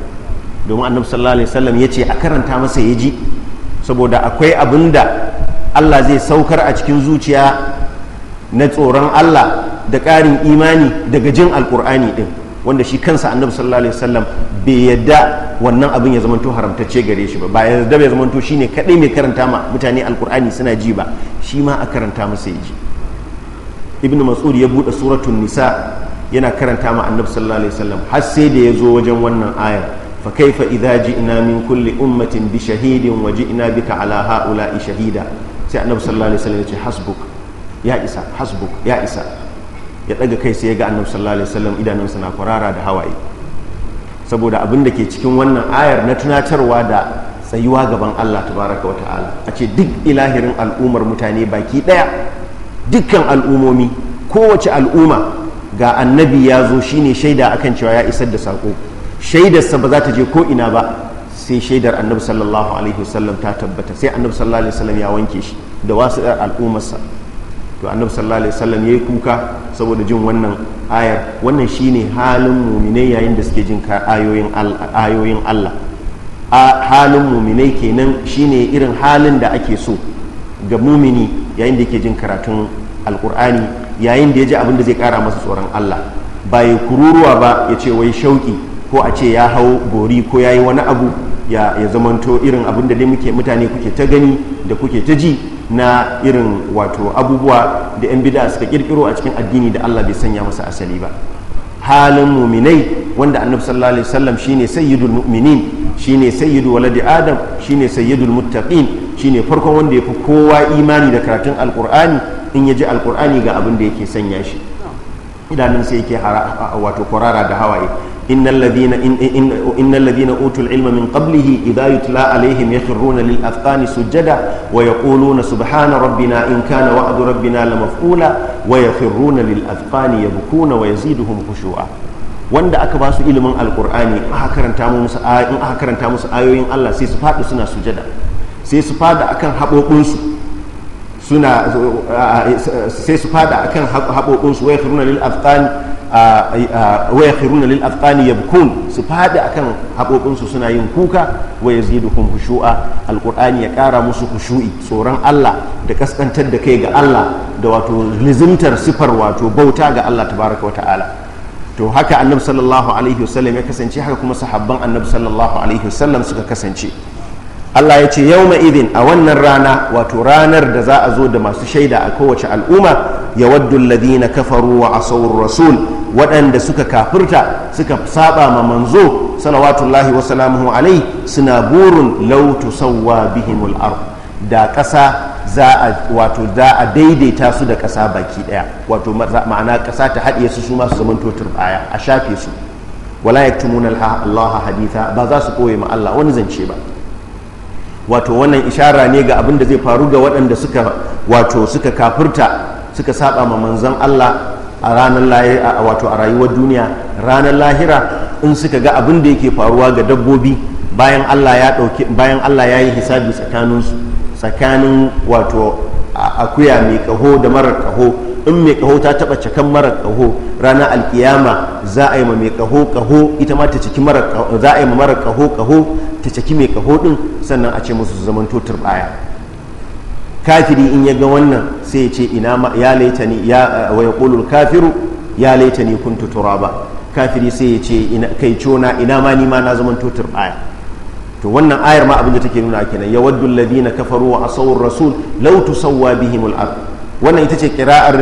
domin annabi sallallahu alaihi wasallam ya ce a karanta masa ya ji saboda akwai abin da allah zai saukar a cikin zuciya na tsoron allah da ƙarin imani daga jin alkur'ani ɗin wanda shi kansa annabi sallallahu alaihi wasallam bai yadda wannan abin ya zamanto haramtacce gare shi ba ba ya yadda bai zamanto shine kadai mai karanta ma mutane alkur'ani suna ji ba shi ma a karanta masa ya ji ibn mas'ud ya bude suratun nisa yana karanta ma annabi sallallahu alaihi wasallam har sai da ya zo wajen wannan ayar fa kaifa idza ji'na min kulli ummatin bi shahidin wa ji'na bika ala shahida sai annabi sallallahu alaihi wasallam ya ce hasbuk ya isa hasbuk ya isa ya daga kai sai ya ga annabi sallallahu alaihi wasallam idanunsa na kwarara da hawaye saboda abin da ke cikin wannan ayar na tunatarwa da tsayuwa gaban Allah tabaraka wa ta'ala a ce duk ilahirin al'ummar mutane baki daya dukkan al'umomi kowace al'umma ga annabi ya zo shine shaida akan cewa ya isar da sako shaidarsa ba za ta je ko ina ba sai shaidar annabi sallallahu alaihi wasallam ta tabbata sai annabi sallallahu alaihi wasallam ya wanke shi da wasu al'ummarsa to annabi sallallahu alaihi wasallam yayi kuka saboda jin wannan ayar wannan shine halin muminai yayin da suke jin ayoyin ayoyin Allah a halin muminai kenan shine irin halin da ake so ga mumini yayin da yake jin karatun alkur'ani yayin da ya ji abin da zai kara masa tsoron Allah ba ya kururuwa ba ya ce wai shauki ko a ce ya hau gori ko ya yi wani abu ya zamanto irin abin da dai muke mutane kuke ta gani da kuke ta ji na irin wato abubuwa da 'yan bida suka kirkiro a cikin addini da allah bai sanya masa asali ba halin muminai wanda annabi sallallahu alaihi wasallam shine sayyidul mu'minin shine sayyidu waladi adam shine sayyidul muttaqin shine farkon wanda yafi kowa imani da karatun alqur'ani in yaji alqur'ani ga abin da yake sanya shi idanun sai yake wato kwarara da hawaye إن الذين إن, إن, إن الذين أوتوا العلم من قبله إذا يتلى عليهم يخرون للأذقان سجدا ويقولون سبحان ربنا إن كان وعد ربنا لمفعولا ويخرون للأذقان يبكون ويزيدهم خشوعا wanda aka ba su ilimin alkur'ani in aka karanta musu ayoyin Allah sai su faɗi suna sujada sai su faɗi akan haɓoɓinsu suna sai su fada kan haɓoɓinsu waya khiruna lil afghani wai khiruna lil afghani yabkun su fada kan haɓoɓinsu suna yin kuka waya zidukum khushu'a alqur'ani ya ƙara musu khushu'i tsoron Allah da kaskantar da kai ga Allah da wato lizimtar sifar wato bauta ga Allah tabaraka wa ta'ala to haka annabi sallallahu alaihi wasallam ya kasance haka kuma sahabban annabi sallallahu alaihi wasallam suka kasance Allah ya ce yau ma'izin a wannan rana wato ranar da za a zo da masu shaida a kowace al'umma ya waddu ladina kafaru wa asawur rasul waɗanda suka kafirta suka saba ma manzo salawatullahi wa salamuhu alai suna burin lautu sauwa bihimul ard da ƙasa za a wato za a daidaita su da ƙasa baki ɗaya wato ma'ana ƙasa ta haɗiye su su masu totur turbaya a shafe su wala yaktumuna Allah haditha ba za su koye ma Allah wani zance ba wato wannan ishara ne ga abin da zai faru ga waɗanda suka wato suka kafirta suka saba ma manzan Allah a ranar lahira wato a rayuwar duniya ranar lahira in suka ga abin da yake faruwa ga dabbobi bayan Allah ya yi hisabi tsakanin tsakanin wato akuya mai kaho da marar kaho in mai kaho ta taba cikin marar kaho ranar alkiyama za a yi ma mai kaho kaho ita ma ta ciki marar kaho za a yi ma marar kaho kaho ta ciki mai kaho din sannan a ce musu su zamanto baya. kafiri in ya ga wannan sai ya ce ina ma ya laita ni ya waya kulul kafiru ya laita ni kuntu turaba kafiri sai ya ce kai cona ina ma ni ma na zaman zamanto baya. to wannan ayar ma abinda take nuna kenan ya waddu alladhina kafaru wa ar rasul law tusawwa bihim al-ard wannan ita ce qira'ar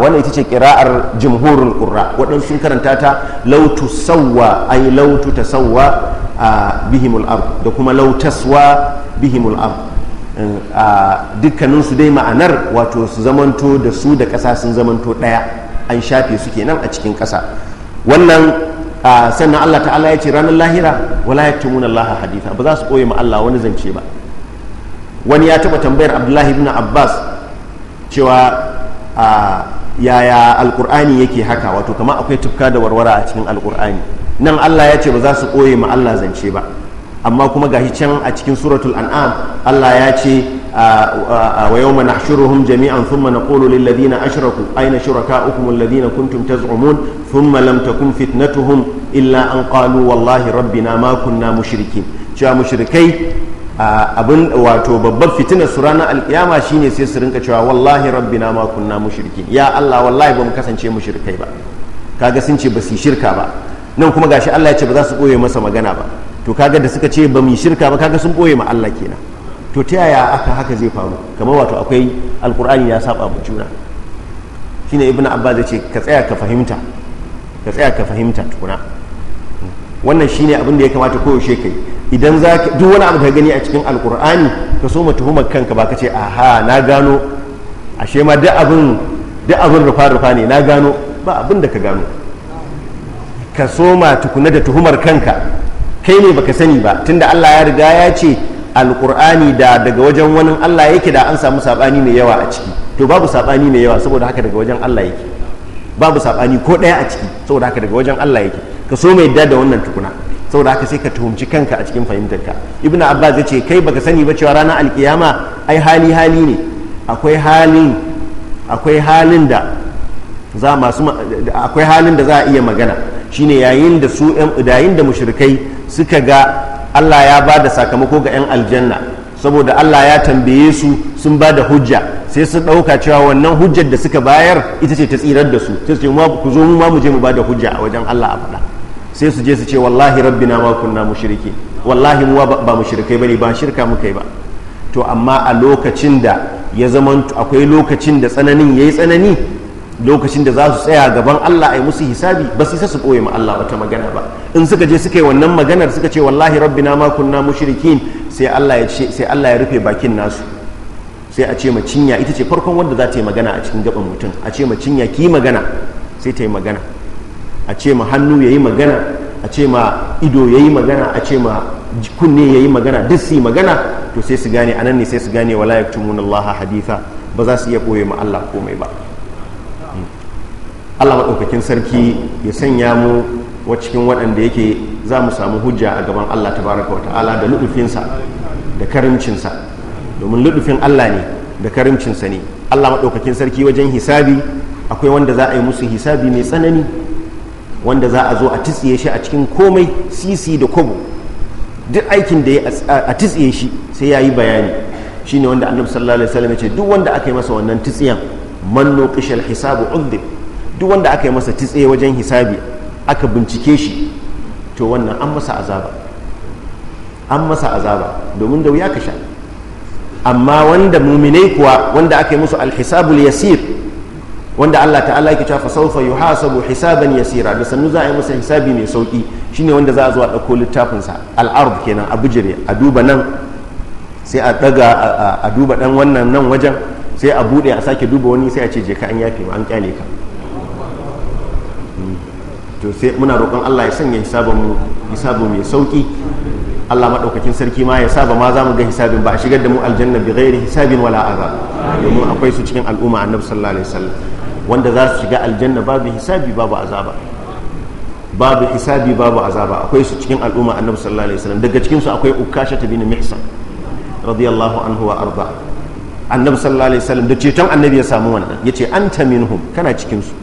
wannan ita ce qira'ar jumhurul qurra wadan sun karanta ta law tusawwa ay law tusawwa bihim al da kuma law taswa bihim al eh, dukkanin su dai ma'anar wato su zamanto da su da ƙasa sun zamanto ɗaya an shafe su kenan a cikin ƙasa wannan Ah, sannan Allah ta'ala ya ce ranar lahira wala yaktumuna Allah haditha ba za su koye ma Allah wani zance ba wani ya taɓa tambayar Abdullahi ibn Abbas cewa ah, yaya alkur'ani yake haka wato kama akwai tufka da warwara a cikin alkur'ani nan Allah ya ce ba za su koye ma Allah zance ba amma kuma gashi can a cikin suratul an'am Allah ya ce ويوم نحشرهم جميعا ثم نقول للذين أشركوا أين شركاؤكم الذين كنتم تزعمون ثم لم تكن فتنتهم إلا أن قالوا والله ربنا ما كنا مشركين شا مشركي abin wato babbar fitina su ranar alkiyama shine sai su rinka cewa wallahi rabbina ma kunna mushrikin ya Allah wallahi mu kasance mushrikai ba kaga sun ce ba su shirka ba nan kuma gashi Allah ya ce ba za su boye masa magana ba to kaga da suka ce ba mu shirka ba kaga sun boye ma Allah kenan to ta yaya aka haka zai faru kamar wato akwai alkur'ani ya saba mu juna shine ibnu abbas ya ce ka tsaya ka fahimta ka tsaya ka fahimta tukuna wannan shine abin da ya kamata koyaushe kai idan za ka duk wani abu ka gani a cikin alkur'ani ka so mu tuhumar kanka ba ka ce aha na gano ashe ma duk abin duk abin rufa rufa ne na gano ba abin da ka gano ka so ma tukuna da tuhumar kanka kai ne baka sani ba tunda Allah ya riga ya ce alkur'ani da daga wajen wani Allah yake da an samu sabani mai yawa a ciki to babu sabani mai yawa saboda haka daga wajen Allah yake babu sabani ko daya a ciki saboda haka daga wajen Allah yake ka so mai da wannan tukuna saboda haka sai ka tuhumci kanka a cikin fahimtarka ibnu abbas ya ce kai baka sani ba cewa ranar alkiyama ai hali hali ne akwai halin akwai halin da za masu akwai halin da za a iya magana shine yayin da su yayin da mushrikai suka ga Allah ya ba da sakamako ga 'yan aljanna saboda Allah ya tambaye su sun ba da hujja sai su ɗauka cewa wannan hujjar da suka bayar ita ce ta tsirar da su sai su ce ku zo mu ma mu je mu ba da hujja a wajen Allah a faɗa sai su je su ce wallahi rabbina ma kunna mushrike wallahi mu ba mushrikai bane ba shirka muka yi ba to amma a lokacin da ya zama akwai lokacin da tsananin yayi tsanani lokacin da za su tsaya gaban Allah a yi musu hisabi ba su su ɓoye ma Allah wata magana ba in suka je suka yi wannan maganar suka ce wallahi rabbina ma kunna mushrikin sai Allah ya sai Allah ya rufe bakin nasu sai a ce ma cinya ita ce farkon wanda za ta yi magana a cikin gaban mutum a ce ma cinya ki magana sai ta yi magana a ce ma hannu ya yi magana a ce ma ido ya yi magana a ce ma kunne ya yi magana duk su yi magana to sai su gane anan ne sai su gane wala yaktumuna Allah haditha ba za su iya ɓoye ma Allah komai ba allah maɗaukakin sarki ya sanya mu wa cikin waɗanda yake za mu samu hujja a gaban allah tabaraka wa ta'ala da luɗufinsa da karimcinsa domin luɗufin allah ne da karimcinsa ne allah maɗaukakin sarki wajen hisabi akwai wanda za a yi musu hisabi mai tsanani wanda za a zo a titsiye shi a cikin komai sisi da kobo duk aikin da ya a titsiye shi sai ya yi bayani shine wanda annabi sallallahu alaihi wasallam ya ce duk wanda aka yi masa wannan titsiyan man nuqishal hisabu udhib duk wanda aka yi masa titse wajen hisabi aka bincike shi to wannan an masa azaba an masa azaba domin da wuya ka sha amma wanda muminai kuwa wanda aka yi musu alhisabul yasir wanda Allah ta'ala yake cewa sawfa yuhasabu hisaban yasira da sannu za a yi masa hisabi mai sauki shine wanda za a zo a dauko littafin sa al-ard kenan a bujire a duba nan sai a daga a duba dan wannan nan wajen sai a bude a sake duba wani sai a ce je ka an yafe ma an kyale ka to sai muna roƙon Allah ya sanya hisabin mu hisabu mai sauki Allah maɗaukakin sarki ma ya saba ma za mu ga hisabin ba a shigar da mu aljanna bi ghairi hisabin wala azab domin akwai su cikin al'umma annabi sallallahu alaihi wasallam wanda za su shiga aljanna babu hisabi babu azaba babu hisabi babu azaba akwai su cikin al'umma annabi sallallahu alaihi wasallam daga cikin su akwai ukasha ta bin mihsan radiyallahu anhu wa arda annabi sallallahu alaihi wasallam da ceton annabi ya samu wannan yace anta minhum kana cikin su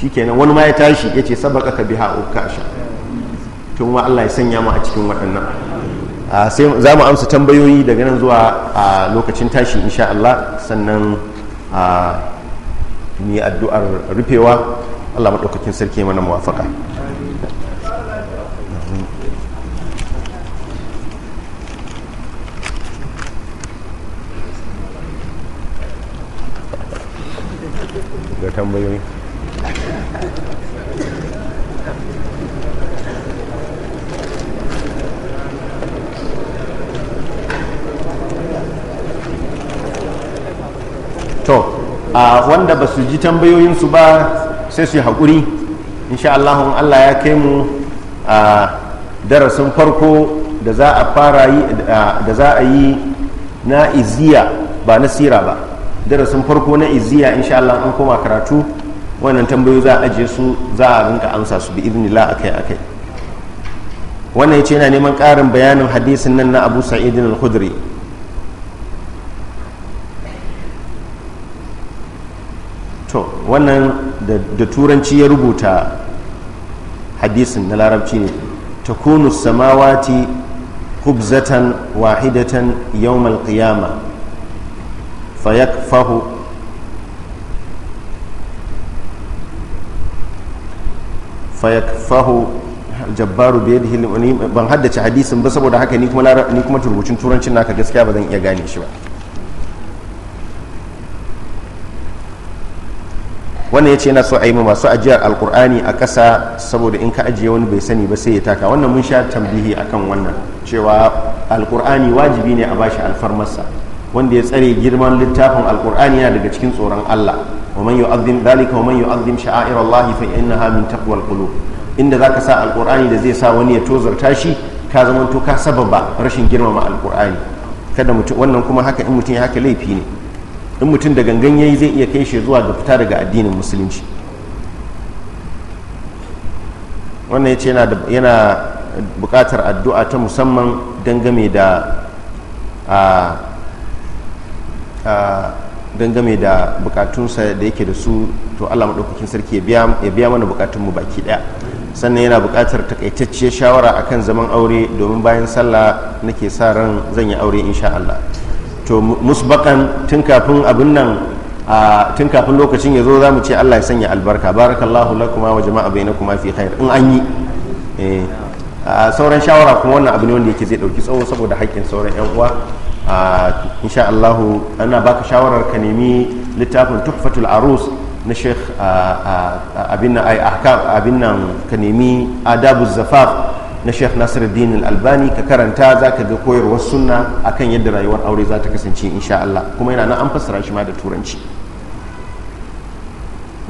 shi kenan wani ma ya tashi ya ce sabaka ka biha ukasha tun ma Allah ya sanya mu a cikin waɗannan sai za mu amsa tambayoyi daga nan zuwa a lokacin tashi insha Allah sannan a ni addu'ar rufewa Allah maɗaukakin sarki mana muwafaka ga tambayoyi to a wanda ba su ji tambayoyinsu ba sai su yi haƙuri insha Allah Allah ya kai mu a darasin farko da za a fara yi da za a yi na iziya ba na sira ba darasin farko na iziya insha Allah an koma karatu wannan tambayoyi za a ajiye su za a rinka amsa su bi idnillah akai akai wannan yace yana neman ƙarin bayanin hadisin nan na Abu Sa'id al-Khudri to wannan da turanci ya rubuta hadisin na larabci ne takunu samawati kubzatan wahidatan yawmal qiyama fayakfahu fayakfahu jabbaru bi yadihi ban haddace hadisin ba saboda haka ni kuma ni kuma turbucin turancin naka gaskiya ba zan iya gane shi ba wannan ya ce yana so a yi ma masu ajiyar alkur'ani a ƙasa saboda in ka ajiye wani bai sani ba sai ya taka wannan mun sha tambihi akan wannan cewa alkur'ani wajibi ne a bashi alfarmarsa wanda ya tsare girman littafin alkur'ani yana daga cikin tsoron Allah wa man yu'azzim dalika wa man yu'azzim sha'air Allah fa innaha min taqwal qulub inda zaka sa alkur'ani da zai sa wani ya tozarta shi ka to ka sababa rashin girmama alkur'ani kada mutum wannan kuma haka in mutum ya haka laifi ne in mutum da gangan yayi zai iya kai shi zuwa ga fita daga addinin musulunci wannan yace yana yana bukatar addu'a ta musamman dangane da a ah, dangame da bukatunsa da yake da su to allah maɗaukakin sarki ya biya mana bukatunmu baki ɗaya sannan yana bukatar takaitacciyar shawara akan zaman aure domin bayan sallah nake sa ran zan yi aure insha allah to musbakan tun kafin abin nan a tun kafin lokacin ya zo za mu ce allah ya sanya albarka barakallahu lakuma wa jama'a bainakuma fi khair in an yi eh, sauran shawara kuma wannan abu ne wanda yake zai ɗauki tsawo saboda haƙƙin sauran 'yan uwa insha Allah ana baka shawarar ka nemi littafin tuhfatul arus na sheikh abin nan ai ahkam abin nan ka nemi adabu zafaf na sheikh nasiruddin albani ka karanta za ka ga koyarwar sunna akan yadda rayuwar aure za ta kasance insha Allah kuma yana nan an fasara shi ma da turanci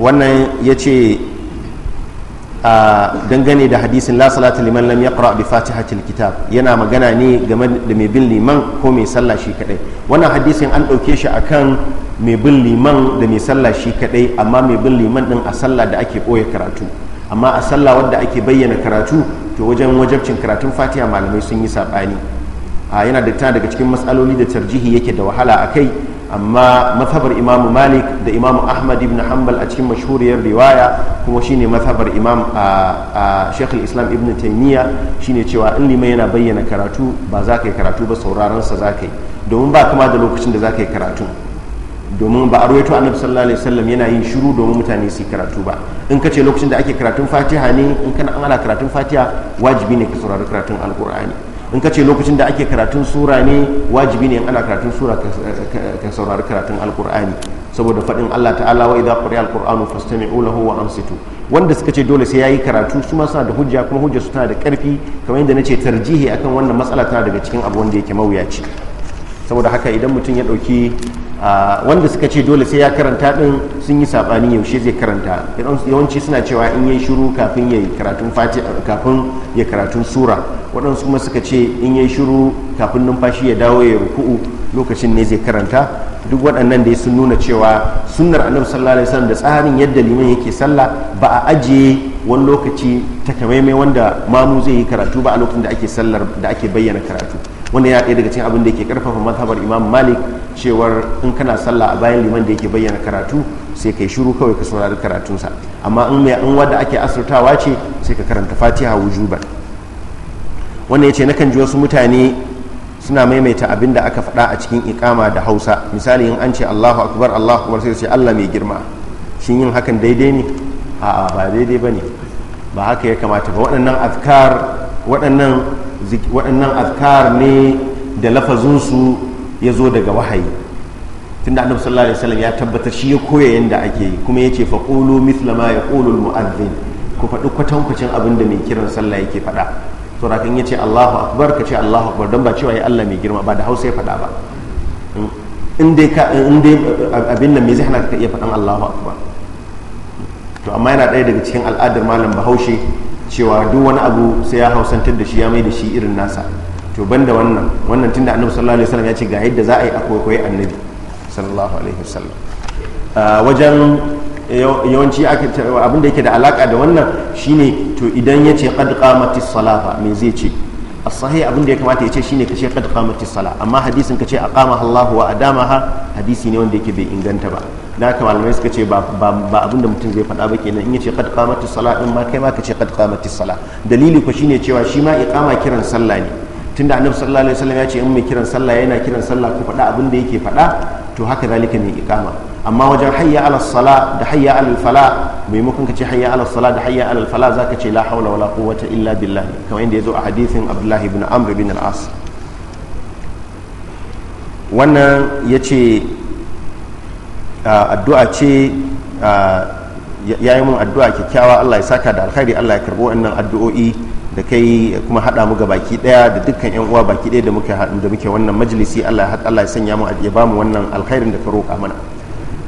wannan ya ce dangane da hadisin la salata liman lam yaqra bi fatihatil kitab yana magana ne game da mai bin liman ko mai sallah shi kadai wannan hadisin an dauke shi akan mai bin liman da mai sallah shi kadai amma mai bin liman din a sallah da ake boye karatu amma a sallah wadda ake bayyana karatu to wajen wajabcin karatun fatiha malamai sun yi sabani a yana da daga cikin matsaloli da tarjihi yake da wahala akai amma mazhabar imam malik da imam ahmad ibn hanbal a cikin mashhuriyar riwaya kuma shine mazhabar imam a shekhul islam ibn taimiyya shine cewa in liman yana bayyana karatu ba za ka yi karatu ba sauraron sa za ka yi domin ba kama da lokacin da za ka yi karatu domin ba a ruwaito annabi sallallahu alaihi wasallam yana yin shiru domin mutane su karatu ba in ka ce lokacin da ake karatun fatiha ne in kana an ana karatun fatiha wajibi ne ka saurari karatun alqur'ani in ka ce lokacin da ake karatun sura ne wajibi ne in ana karatun sura ka saurari karatun alkur'ani saboda faɗin allah ta'ala wa idza quriya alqur'anu fastami'u lahu wa ansitu wanda suka ce dole sai ya yi karatu su ma suna da hujja kuma hujja su tana da karfi kamar yadda ce tarjihi akan wannan matsala tana daga cikin abu wanda yake mawuyaci saboda haka idan mutum ya ɗauki wanda suka ce dole sai ya karanta din sun yi sabani yaushe zai karanta yawanci suna cewa in yi shiru kafin ya karatun fati kafin ya karatun sura waɗansu kuma suka ce in yi shiru kafin numfashi ya dawo ya ruku'u lokacin ne zai karanta duk waɗannan da sun nuna cewa sunnar annabi sallallahu alaihi wasallam da tsarin yadda liman yake sallah ba a ajiye wani lokaci takamaimai wanda mamu zai yi karatu ba a lokacin da ake sallar da ake bayyana karatu wani ya daga cikin abin da ke karfafa mazhabar imam malik cewar in kana sallah a bayan liman da yake bayyana karatu sai kai shiru kawai ka saurari karatunsa amma in mai an wadda ake asirtawa ce sai ka karanta fatiha wujuban wannan na nakan ji wasu mutane suna maimaita abin da aka faɗa a cikin ikama da hausa misali in an ce allahu akbar allahu akbar sai ce allah mai girma shin yin hakan daidai ne a'a ba daidai ba ne ba haka ya kamata ba waɗannan afkar waɗannan waɗannan azkar ne da lafazinsu ya zo daga wahayi Tun da annabi sallallahu alaihi wasallam ya tabbatar shi ya koya yadda ake yi kuma yace fa faƙulu mithla ma ya al mu'adhdhin ku faɗi kwatankwacin abin da mai kiran sallah yake faɗa to da kan ce Allahu akbar ka ce Allahu akbar don ba cewa ya Allah mai girma ba da Hausa ya faɗa ba in dai ka in dai abin nan mai zai hana ka iya faɗan Allahu akbar to amma yana ɗaya daga cikin al'adar malam Bahaushe cewa duk wani abu sai ya hausantar da shi ya mai da shi irin nasa to banda wannan wannan tunda annabi sallallahu alaihi wasallam ya ce ga yadda za a yi akwai annabi sallallahu alaihi wasallam wajen yawanci abin da yake da alaka da wannan shine to idan ya ce qad qamatis salata me zai ce sahi abin da ya kamata ya ce shine ce qad qamatis sala amma hadisin ce aqamaha Allahu wa adamaha hadisi ne wanda yake bai inganta ba da haka malamai suka ce ba abin da mutum zai faɗa ba kenan in yace qad qamatis sala din ma kai ma ka ce qad qamatis sala dalili ko shine cewa shi ma iqama kiran sallah ne tunda annabi sallallahu alaihi wasallam ya ce in mai kiran sallah yana kiran sallah ku faɗa abin da yake faɗa to haka zalika ne iqama amma wajen hayya ala sala da hayya ala fala maimakon ka ce hayya ala sala da hayya ala fala zaka ce la hawla wala quwwata illa billah kamar yadda yazo a hadisin abdullahi ibn amr bin al-as wannan yace addu'a ce ya yi mun addu'a kyakkyawa Allah ya saka da alkhairi Allah ya karbo wannan addu'o'i da kai kuma haɗa mu ga baki ɗaya da dukkan yan uwa baki ɗaya da muke wannan majalisi Allah ya Allah ya sanya mu ya bamu wannan alkhairin da ka roƙa mana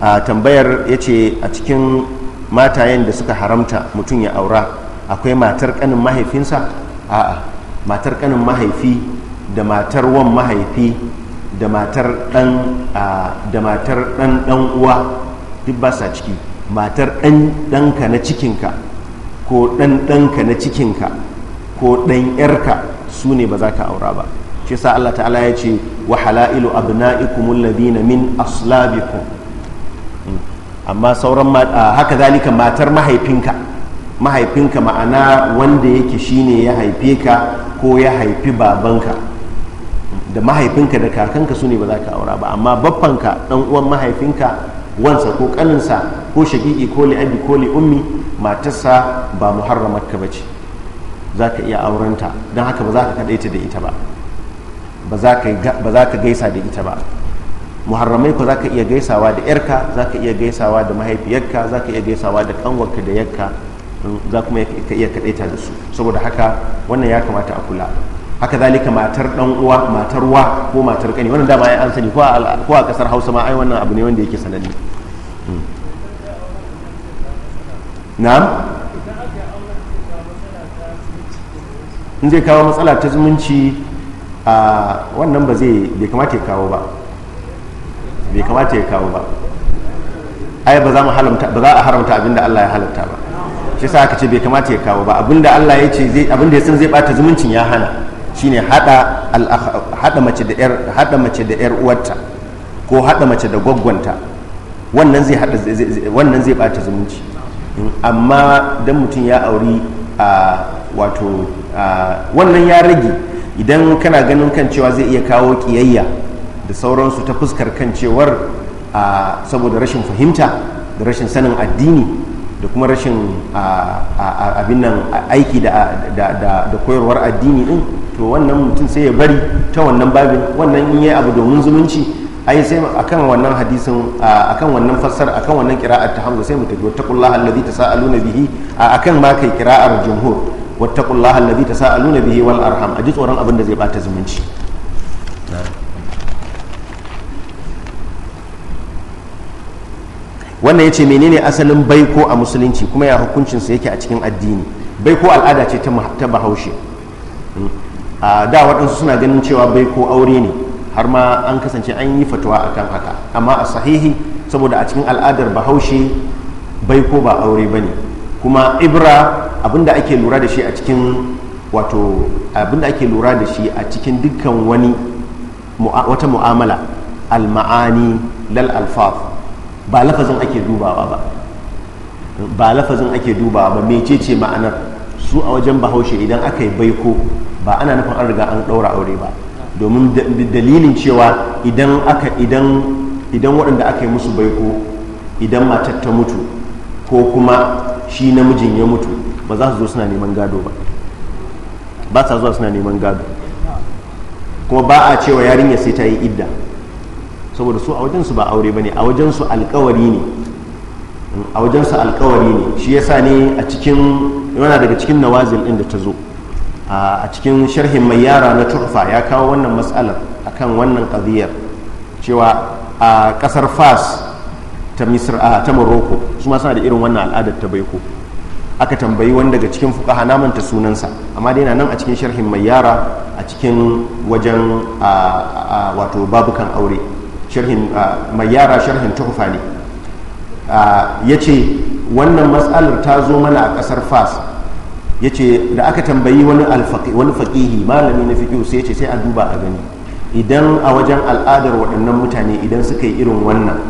a tambayar yace a cikin matayen da suka haramta mutum ya aura akwai matar kanin mahaifinsa a'a matar kanin mahaifi da matar wan mahaifi da matar dan dan uwa duk ba sa ciki matar dan danka na cikinka ko dan danka na cikinka ko dan yarka su ne ba za ka aura ba shi sa Allah ta'ala ya ce wa halailu abna'ikum alladhina min aslabikum hmm. amma sauran haka zalika matar mahaifinka mahaifinka ma'ana wanda yake shine ya haife ka ko ya haifi babanka da mahaifinka da kakanka su ne ba za ka aura ba amma babbanka dan uwan mahaifinka wansa ko kaninsa ko shagigi ko li'abi ko li'ummi matarsa ba muharramar ka bace za ka iya aurenta don haka ba za ka kadaita da ita ba ba za ka gaisa da ita ba muharramai ko za ka iya gaisawa da yarka za ka iya gaisawa da mahaifiyarka za ka iya gaisawa da kanwarka da yarka za kuma ka iya kadaita da su saboda haka wannan ya kamata a kula haka zalika matar dan uwa matar wa ko matar kani wannan dama an sani ko a kasar hausa ma ai wannan abu ne wanda yake sananne hmm. na'am in zai kawo matsala ta zumunci a wannan ba zai bai kamata ya kawo ba bai kamata ya kawo ba ai ba za mu haramta ba za a haramta abinda Allah ya halatta ba shi sa aka ce bai kamata ya kawo ba abinda Allah ya ce abinda ya san zai bata zumuncin ya hana shine hada hada mace da yar uwarta ko hada mace da gwaggwanta wannan zai bata zumunci amma dan mutum ya auri a wato wannan ya rage idan kana ganin kan cewa zai iya kawo kiyayya da sauransu ta fuskar kan cewar saboda rashin fahimta da rashin sanin addini da kuma rashin abin nan aiki da koyarwar addini din to wannan mutum sai ya bari ta wannan babin wannan in yi abu domin zumunci ai sai a kan wannan a kan wannan fassar a kan wannan kira'ar ta Hamza sai mu tafi wattaqullaha allazi na bihi kan ma kai kira'ar jumhur wattaqullaha allazi na bihi wal arham a ji tsoron abin da zai bata zumunci wannan yace menene asalin baiko a musulunci kuma ya hukuncin sa yake a cikin addini baiko al'ada ce ta bahaushe hmm. a da waɗansu suna ganin cewa bai ko aure ne har ma an kasance an yi fatuwa kan haka amma a sahihi saboda a cikin al'adar bahaushe bai ko ba aure ba ne kuma ibra abinda ake lura da shi a cikin wato abinda ake lura da shi a cikin dukkan wani wata mu'amala al lal alfaf ba lafazin ake dubawa ba ba lafazin ake dubawa ba mecece ma'anar su a wajen bahaushe idan aka yi baiko ba ana nufin an riga an ɗaura aure ba domin dalilin cewa idan aka idan idan waɗanda aka yi musu baiko idan matar ta mutu ko kuma shi namijin ya mutu ba za su zo suna neman gado ba ba sa zuwa suna neman gado kuma ba a cewa yarinya sai ta yi idda saboda su a wajensu ba aure ba ne a wajensu alkawari ne a wajensu alkawari ne shi yasa ne a cikin yana daga cikin nawazil ɗin da ta zo a cikin sharhin mai yara na turfa ya kawo wannan matsalar a kan wannan ƙaziyar cewa a ƙasar fas ta misir a ta morocco su suna da irin wannan al'adar ta baiko aka tambayi wani daga cikin fuka manta sunansa amma dai na nan a cikin sharhin mai yara a cikin wajen wato babukan aure mai yara sharhin tufa ne ya ce wannan matsalar ta zo mana a ƙasar fas ya ce da aka tambayi wani faƙihi malami na fiƙi sai ce sai a duba a gani idan a wajen al'adar waɗannan mutane idan suka yi irin wannan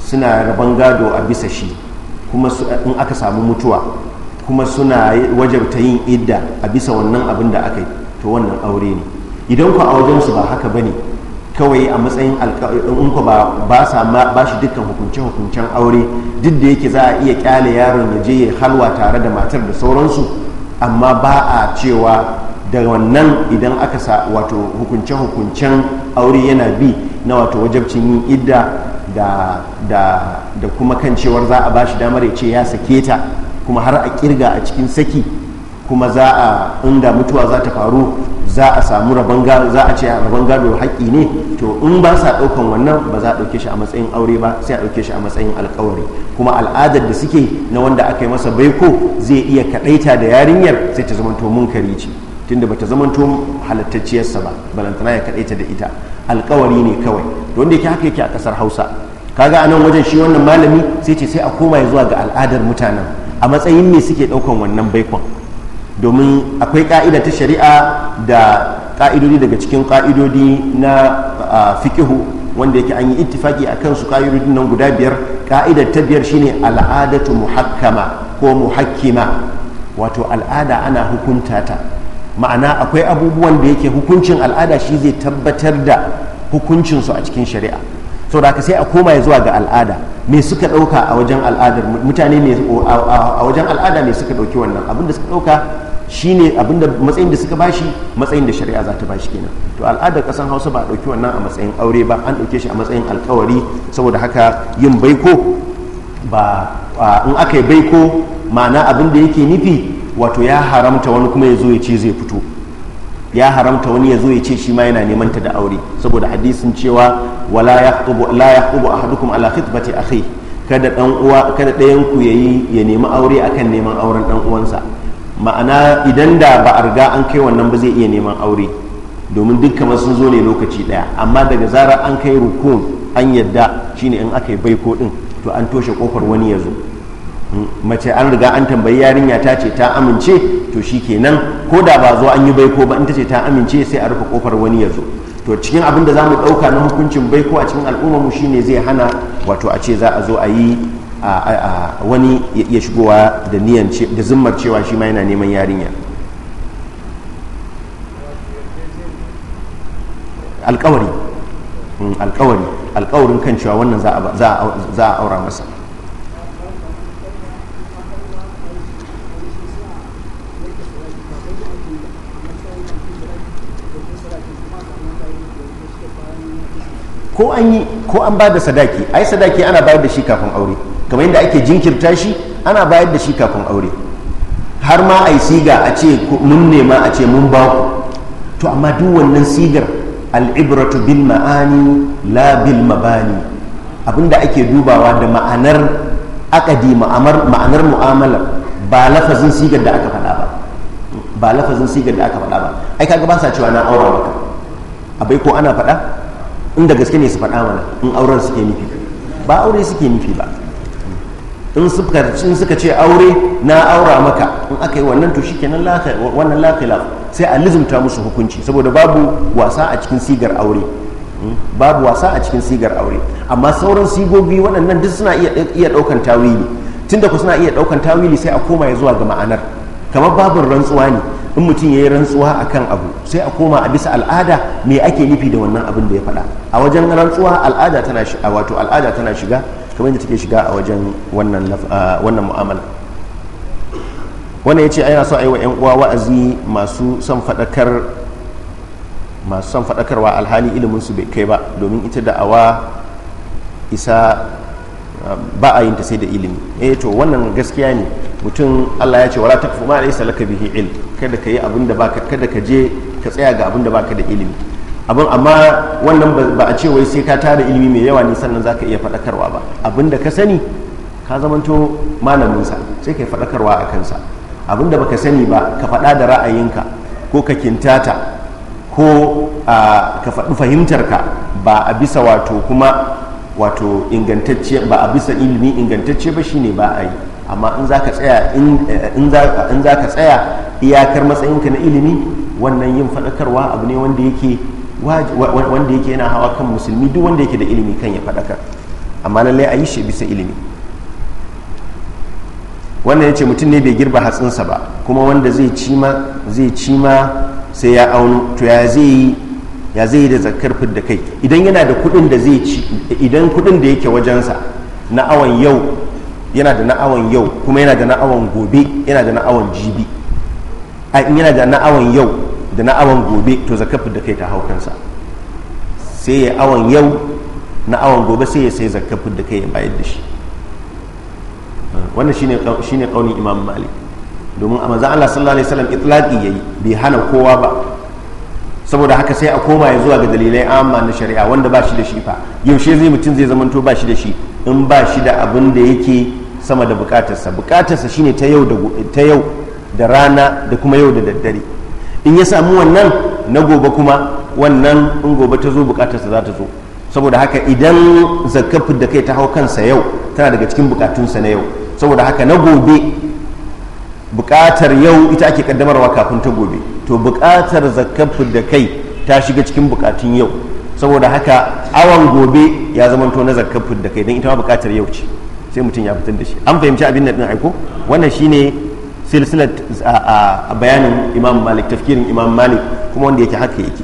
suna rabon gado a bisa shi kuma in aka samu mutuwa kuma suna ta yin idda a bisa wannan abin da aka yi to wannan aure ne idan ku a wajensu ba haka ba ne kawai a matsayin in ku ba sa ba shi dukkan hukunce hukuncen aure duk da yake za a iya kyale yaron ya je halwa tare da matar da sauransu amma ba a cewa da wannan idan aka sa wato hukunce-hukuncen aure yana bi na wato wajabcin yin idda da, da kuma kan cewar za a ba shi damar ya ce ya sake ta kuma har a kirga a cikin saki kuma za a inda mutuwa za ta faru za a samu rabon gado za a ce rabon gado haƙƙi ne to in ba sa ɗaukan wannan ba za a ɗauke shi a matsayin aure ba sai a ɗauke shi a matsayin alƙawari kuma al'adar da suke na wanda aka yi masa baiko zai iya kaɗaita da yarinyar sai ta zamanto munkari ce tunda bata zamanto halattacciyarsa ba balantana ya kaɗaita da ita alƙawari ne kawai to wanda yake haka yake a ƙasar hausa kaga a nan wajen shi wannan malami sai ce sai a koma zuwa ga al'adar mutanen a matsayin me suke ɗaukan wannan baikon domin akwai ka'ida ta shari'a da ka'idodi daga cikin ka'idodi na fikihu wanda yake an yi ittifaki a kansu ka'idodin nan guda biyar ka'idar ta biyar shine al'adatu muhakkama ko muhakkima wato al'ada ana hukunta ta ma'ana akwai abubuwan da yake hukuncin al'ada shi zai tabbatar da hukuncinsu a cikin shari'a sau da sai a koma ya zuwa ga al'ada me suka ɗauka a wajen al'adar mutane a wajen al'ada me suka ɗauki wannan abin da suka ɗauka Shi shine abinda matsayin da suka bashi matsayin da shari'a za ta bashi kenan to al'adar kasan hausa ba a ɗauki wannan a matsayin aure ba an ɗauke shi a matsayin alkawari saboda haka yin baiko ba in aka yi baiko ma'ana abin da yake nufi wato ya haramta wani kuma ya zo ya ce zai fito ya haramta wani ya zo ya ce shi ma yana neman ta da aure saboda hadisin cewa wala yaqtubu la a ahadukum ala khitbati akhi kada dan uwa kada dayan ku yayi ya nemi aure akan neman auren dan uwansa ma'ana idan da ba a riga an kai wannan ba zai iya neman aure domin duk kamar sun zo ne lokaci daya amma daga zarar an kai rukun an yadda shine in aka yi baiko din to an toshe kofar wani ya zo mm, mace an riga an tambayi yarinya ta ce ta amince to shi kenan ko da ba zo an yi baiko ba in ta ce ta amince sai a rufe kofar wani ya zo to cikin abin da za mu ɗauka na hukuncin baiko a cikin al'ummar shi shine zai hana wato a ce za a zo a yi wani ya shigowa da niyan da zimmar cewa shi ma yana neman yarinya alkawari mm, alkawari alkawarin kan cewa wannan za a aura masa ko an yi ko an ba da sadaki ai sadaki ana bayar da shi kafin aure kamar yadda ake jinkirta shi ana bayar da shi kafin aure har ma a yi siga a ce mun nema a ce mun ba ku to amma duk wannan sigar al'ibratu bil ma'ani la bil mabani abinda ake dubawa da ma'anar akadi ma'anar mu'amala ba lafazin sigar da aka faɗa ba ba lafazin sigar da aka faɗa ba ai kaga ba sa cewa na aura maka abai ko ana faɗa inda gaske ne su faɗa mana in auren suke nufi ba aure suke nufi ba in suka ce aure na aura maka in aka yi wannan to shikenan wannan lakilaf sai a lizimta musu hukunci saboda babu wasa a cikin sigar aure hmm? babu wasa a cikin sigar aure amma sauran sigogi waɗannan duk suna iya ɗaukan tawili tunda ku suna iya ɗaukan tawili sai a koma ya zuwa ga ma'anar kamar babin rantsuwa ne in mutum ya yi rantsuwa a kan abu sai a koma a bisa al'ada me ake nufi da wannan abin da ya faɗa a wajen rantsuwa al'ada wato al'ada tana shiga kamar yadda take shiga a wajen wannan mu'amala wannan ya ce yana so a yi wa 'yan uwa wa'azi masu son faɗakar masu faɗakarwa alhali iliminsu bai kai ba domin ita da'awa isa um, ba a yin ta sai da ilimi eh to wannan gaskiya ne mutum Allah ya ce wala takfu ma isa laka bihi ilm kada ka yi abin da baka kada ka je ka tsaya ga abin da baka da ilimi abin amma wannan ba a ce wai sai ka tara ilimi mai yawa ne sannan za ka iya faɗakarwa ba abin da ka sani ka zamanto malaminsa sai ka yi faɗakarwa a kansa abin da ba ka sani ba ka faɗa da ra'ayinka ko ka kintata ko ka faɗi fahimtarka ba a bisa wato kuma wato ingantacce ba a bisa ilimi ingantacce ba shine ba a yi amma in za ka tsaya in za ka tsaya iyakar matsayinka na ilimi wannan yin faɗakarwa abu ne wanda yake wanda yake yana hawa kan musulmi duk wanda yake da ilimi kan ya faɗakar amma lallai a yi shi bisa ilimi wannan ya ce mutum ne bai girba hatsinsa ba kuma wanda zai ci ma zai ci sai ya aunu to ya zai yi ya zai yi da zakar da kai idan yana da kuɗin da zai ci idan kuɗin da yake wajensa na awon yau yana da na awon yau kuma yana da na awon gobe yana da na awon jibi a yana da na awon yau da na awon gobe to zakafin da kai ta hau kansa sai ya awon yau na awon gobe sai ya sai zakafin da kai ya bayar da shi wannan shine kaunin imam malik domin a manzan allah sallallahu alaihi wasallam itlaqi yayi bai hana kowa ba saboda haka sai a koma ya zuwa ga dalilai amma na shari'a wanda ba shi da shi fa yaushe zai mutum zai zamanto ba shi da shi in ba shi da abin da yake sama da bukatarsa bukatarsa shine ta yau da rana da kuma yau da daddare in ya samu wannan na gobe kuma wannan in gobe ta zo bukatarsa za ta zo saboda haka idan zakafin da kai ta hau kansa yau tana daga cikin bukatunsa na yau saboda haka na gobe bukatar yau ita ake kaddamarwa kafin ta gobe to bukatar zakafin da kai ta shiga cikin bukatun yau saboda haka awan gobe ya zama to na zakafin da kai don ita ma bukatar yau ce sai mutum ya fitar da shi an fahimci abin da din aiko wannan shine silsilat a bayanin imam malik tafkirin imam malik kuma wanda yake haka yake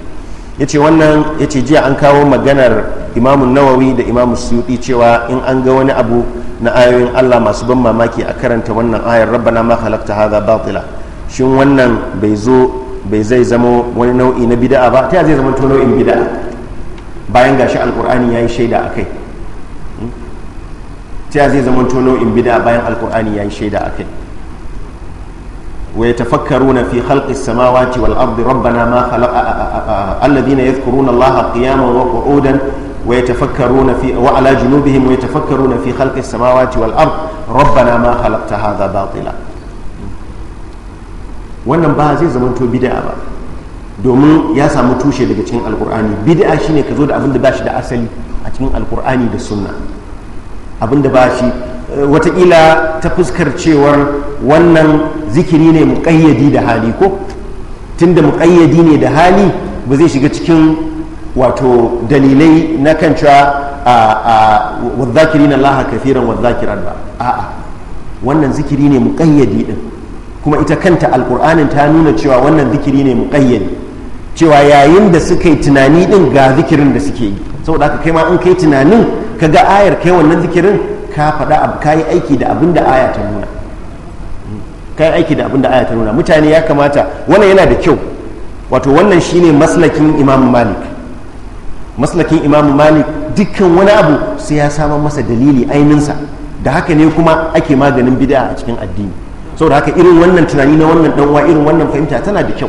ya ce wannan ya ce jiya an kawo maganar imamun nawawi da imamu suyuɗi cewa in an ga wani abu na ayoyin allah masu ban mamaki a karanta wannan ayar rabbana ma halakta haza batila shin wannan bai zo bai zai zama wani nau'i na bida'a ba ta zai zama to nau'in bida'a bayan gashi alkur'ani ya yi shaida a kai hmm? ta zai zama to nau'in bida'a bayan alkur'ani ya yi shaida a kai ويتفكرون في خلق السماوات والأرض ربنا ما خلق الذين يذكرون الله قياما وقعودا ويتفكرون في وعلى جنوبهم ويتفكرون في خلق السماوات والأرض ربنا ما خلقت هذا باطلا wannan ba zai to bid'a ba domin ya samu tushe daga cikin alkur'ani bid'a shine ka zo da abin da ba shi da asali a cikin alkur'ani da sunna abin da ba shi watakila ta fuskar cewar wannan zikiri ne muƙayyadi da hali ko tunda muƙayyadi ne da hali ba zai shiga cikin wato dalilai na kan cewa a wadzakirin laha kafiran wadzakiran ba a'a wannan zikiri ne muƙayyadi din kuma ita kanta alƙur'anin ta nuna cewa wannan zikiri ne muƙayyadi cewa yayin da suka yi tunani din ga zikirin da suke yi saboda haka kai ma in kai tunanin ka ga ayar kai wannan zikirin ka faɗa abu ka yi aiki da abin da aya ta nuna ka yi aiki da abin da aya ta nuna mutane ya kamata wannan yana da kyau wato wannan shine maslakin imam malik maslakin imam malik dukkan wani abu sai ya samar masa dalili aininsa da haka ne kuma ake maganin bid'a a cikin addini saboda haka irin wannan tunani na wannan danwa irin wannan fahimta tana da kyau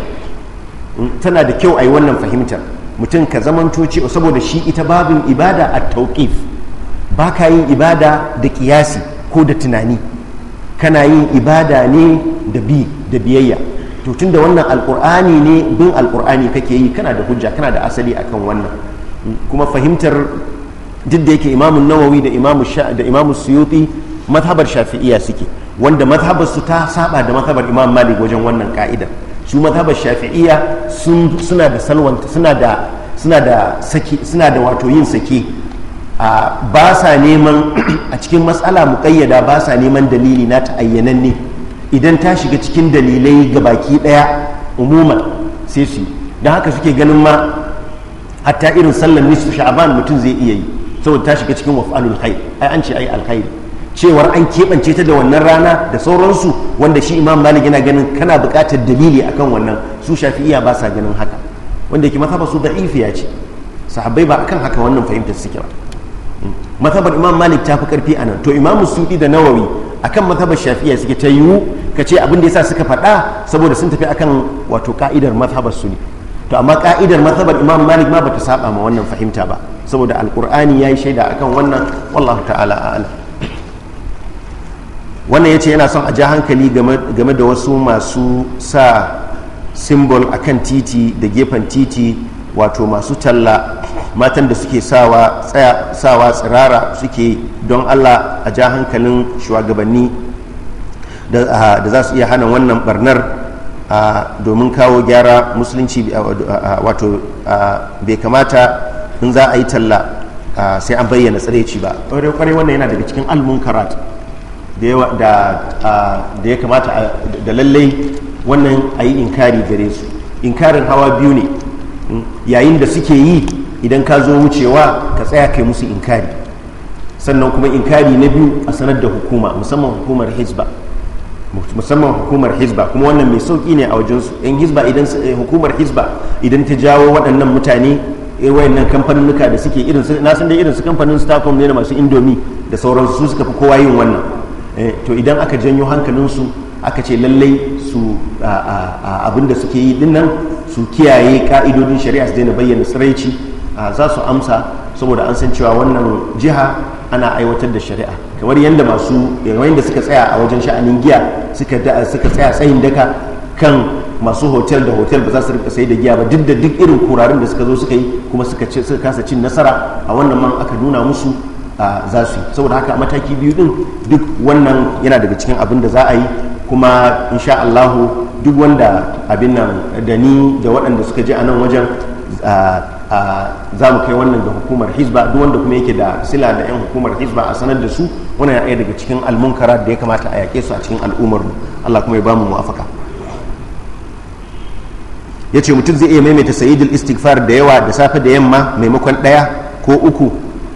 mm, tana da kyau a yi wannan fahimtar mutum ka zamanto cewa saboda shi ita babin ibada a tauƙif ba ka yin ibada da kiyasi ko da tunani kana yin ibada ne da bi da biyayya to tun da wannan alkur'ani ne bin alkur'ani kake yi kana da hujja kana da asali akan wannan kuma fahimtar duk da yake imamun nawawi da imamu da imamu suyuti mazhabar shafi'iya suke wanda mazhabar su ta saba da mazhabar imam malik wajen wannan ka'ida su mazhabar shafi'iya suna da salwanta suna da wato yin sake ba sa neman a cikin matsala muƙayyada ba sa neman dalili na ta ayyananne idan ta shiga cikin dalilai ga baki ɗaya umuman sai su don haka suke ganin ma hatta irin sallar nisfu sha'aban mutum zai iya yi saboda ta shiga cikin waf'alul khair ai an ce ai alkhairi cewar an keɓance ta da wannan rana da sauransu wanda shi imam malik yana ganin kana buƙatar dalili akan wannan su shafi ba sa ganin haka wanda ke mazhaba su da'ifiya ce sahabbai ba akan haka wannan fahimtar suke ba mazhabar imam malik ta fi karfi a nan to imamu sufi da nawawi akan mazhabar shafiya suke ta yiwu ka ce abin da yasa suka faɗa saboda sun tafi akan wato ka'idar mazhabar su ne to amma ka'idar mazhabar imam malik ma bata saba ma wannan fahimta ba saboda alkur'ani ya yi shaida akan wannan wallahu ta'ala a'lam wannan ya ce yana son a ja hankali game da wasu masu sa simbol akan titi da gefen titi wato masu talla matan da suke sawa tsaya sawa tsirara suke don Allah a ja hankalin shugabanni da za su iya hana wannan barnar domin kawo gyara musulunci wato bai kamata in za a yi talla sai an bayyana tsiraici ba kwarai wannan yana daga cikin almunkarat da ya kamata da lallai wannan a yi inkari gare su inkarin hawa biyu ne yayin da suke yi idan ka zo wucewa ka tsaya kai musu inkari sannan kuma inkari na biyu a sanar da hukuma musamman hukumar hizba musamman hukumar hizba kuma wannan mai sauki ne a wajensu yan hizba idan eh, hukumar hizba idan ta jawo waɗannan mutane eh, wayannan kamfaninnuka da suke irin su na san da irin su kamfanin Stockholm ne masu Indomi da sauransu su suka fi kowa yin wannan eh, to idan aka janyo hankalinsu aka ce lallai su abin da suke yi dinnan su kiyaye ka'idodin shari'a su daina bayyana tsiraici za su amsa saboda an san cewa wannan jiha ana aiwatar da shari'a kamar yadda masu yawayin da suka tsaya a wajen sha'anin giya suka tsaya tsayin daka kan masu hotel da hotel ba za su rika sai da giya ba duk da duk irin kurarin da suka zo suka yi kuma suka kasa cin nasara a wannan man aka nuna musu za su yi saboda haka mataki biyu din duk wannan yana daga cikin abin da za a yi kuma insha Allahu duk wanda abin nan da ni da waɗanda suka je a nan wajen za mu kai wannan ga hukumar hizba duk wanda kuma yake da sila da 'yan hukumar hizba a sanar da su wani ya daga cikin almunkara da ya kamata a yaƙe su a cikin al'ummar mu allah kuma ya bamu mu afaka. ya ce mutum zai iya maimaita sayidul istighfar da yawa da safe da yamma maimakon ɗaya ko uku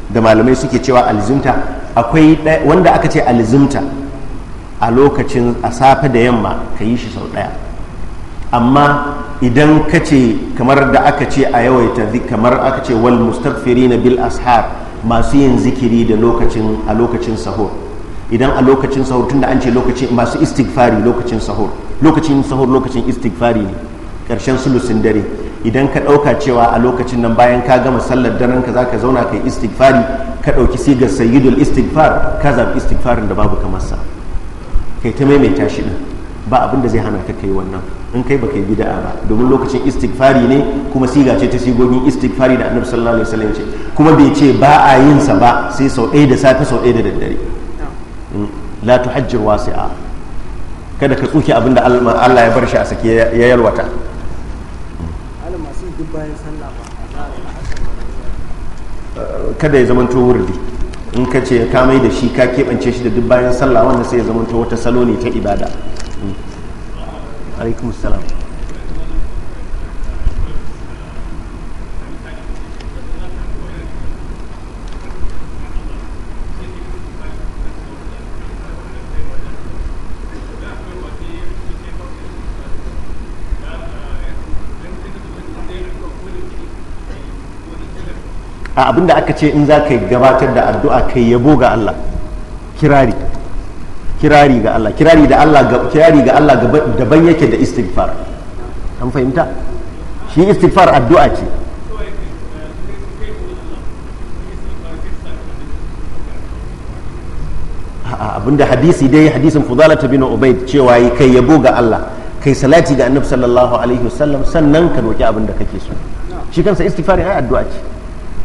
da malamai suke cewa alzimta akwai wanda aka ce alzimta a lokacin a safe da yamma ka yi shi sau ɗaya amma idan ka ce kamar da aka ce a yawaita kamar aka ce wal mustaghfirina bil ashar masu yin zikiri da lokacin a lokacin sahur idan a lokacin sahur tunda an ce lokacin masu istighfari lokacin sahur lokacin sahur lokacin istighfari ne karshen sulusin dare idan ka ɗauka cewa a lokacin nan bayan ka gama sallar daren ka zaka zauna kai istighfari ka ɗauki sigar sayyidul istighfar ka zabi istighfarin da babu kamar sa kai ta maimaita shi ɗin ba abin da zai hana ka kai wannan in kai baka yi bid'a ba domin lokacin istighfari ne kuma siga ce ta sigogin istighfari da annabi sallallahu alaihi wasallam ce kuma bai ce ba a yin sa ba sai sau ɗaya da safe sau ɗaya da daddare mm. la tuhajjir wasi'a kada ka tsuke abin da Allah ya bar shi a sake ya yalwata eh, kada ya zamanto wurdi in ka ce ka mai da shi ka keɓance shi da duk bayan sallah wanda sai ya zamanto wata salo ne ta ibada alaikum a abinda aka ce in za ka gabatar da addu'a kai yabo ga Allah kirari kirari ga Allah kirari da Allah ga kirari ga Allah daban yake da istighfar an fahimta shi istighfar addu'a ce abinda hadisi dai hadisin fudalata bin ubayd cewa kai yabo ga Allah kai salati ga annabi sallallahu alaihi wasallam sannan ka roki abinda kake so shi kansa istighfar ai addu'a ce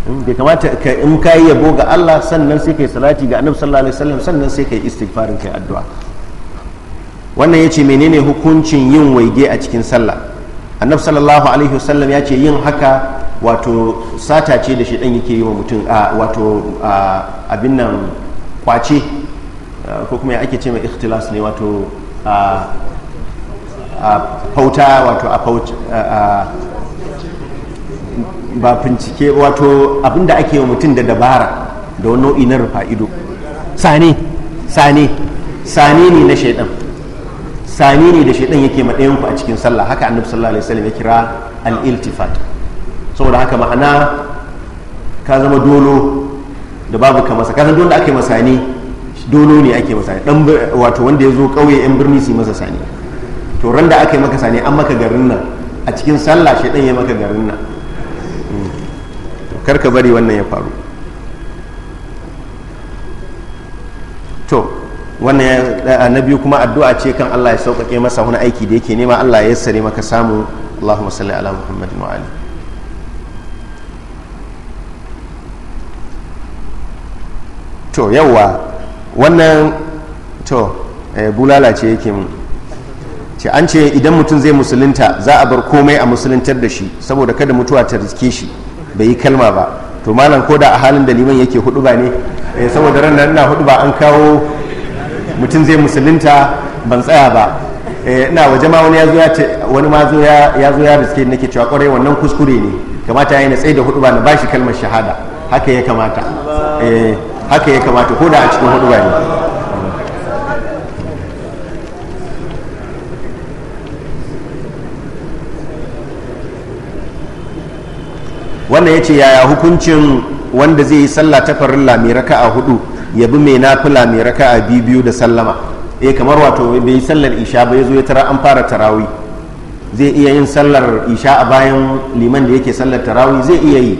bai kamata ka in ka yi yabo ga Allah sannan sai kai salati ga annabi sallallahu alaihi wasallam sannan sai kai istighfarin kai addu'a wannan yace menene hukuncin yin waige a cikin sallah annabi sallallahu alaihi wasallam ya ce yin haka wato sata ce da shi dan yake yi wa mutum wato abin nan kwace ko kuma ya ake ce mai ikhtilas ne wato a fauta wato a ba fincike wato abinda ake yi mutum da dabara da wani nau'i na rufa ido sani sani sani ne na shaidan sani ne da shaidan yake maɗayan ku a cikin sallah haka annabi sallallahu alaihi wasallam ya kira al-iltifat saboda haka ma'ana ka zama dolo da babu ka masa kasan dole ake masa sani dolo ne ake masa dan wato wanda ya zo ƙauye yan birni su masa sani to ran da aka yi maka sani an maka garin nan a cikin sallah shaidan ya maka garin nan kar ka bari wannan ya faru to wannan eh, na biyu kuma addu'a ce kan Allah ya sauƙaƙe masa wani aiki da yake nema Allah ya yassare maka samu Allahumma salli ala Muhammadin wa ali to yawa wannan to eh, bulala ce yake mun ce an ce idan mutum zai musulunta za a bar komai a musuluntar da shi saboda kada mutuwa ta riske shi bai yi kalma ba to malam ko da a halin da liman yake hudu ba ne eh, saboda ran nan na hudu ba an kawo mutum zai musulunta ban tsaya ba eh, ina waje ma wani ya zo ya wani ma zo ya zo ya riske nake cewa kwarai wannan kuskure ne kamata yayi na tsaye da hudu ba na bashi kalmar shahada haka ya kamata eh, haka ya kamata ko da a cikin hudu ba ne wannan ya ce yaya hukuncin wanda zai yi sallah ta farin lamiraka a hudu ya bi mai nafi lamiraka a biyu biyu da sallama eh kamar wato bai yi sallar isha ba ya zo ya tara an fara tarawi zai iya yin sallar isha a bayan liman da yake sallar tarawi zai iya yi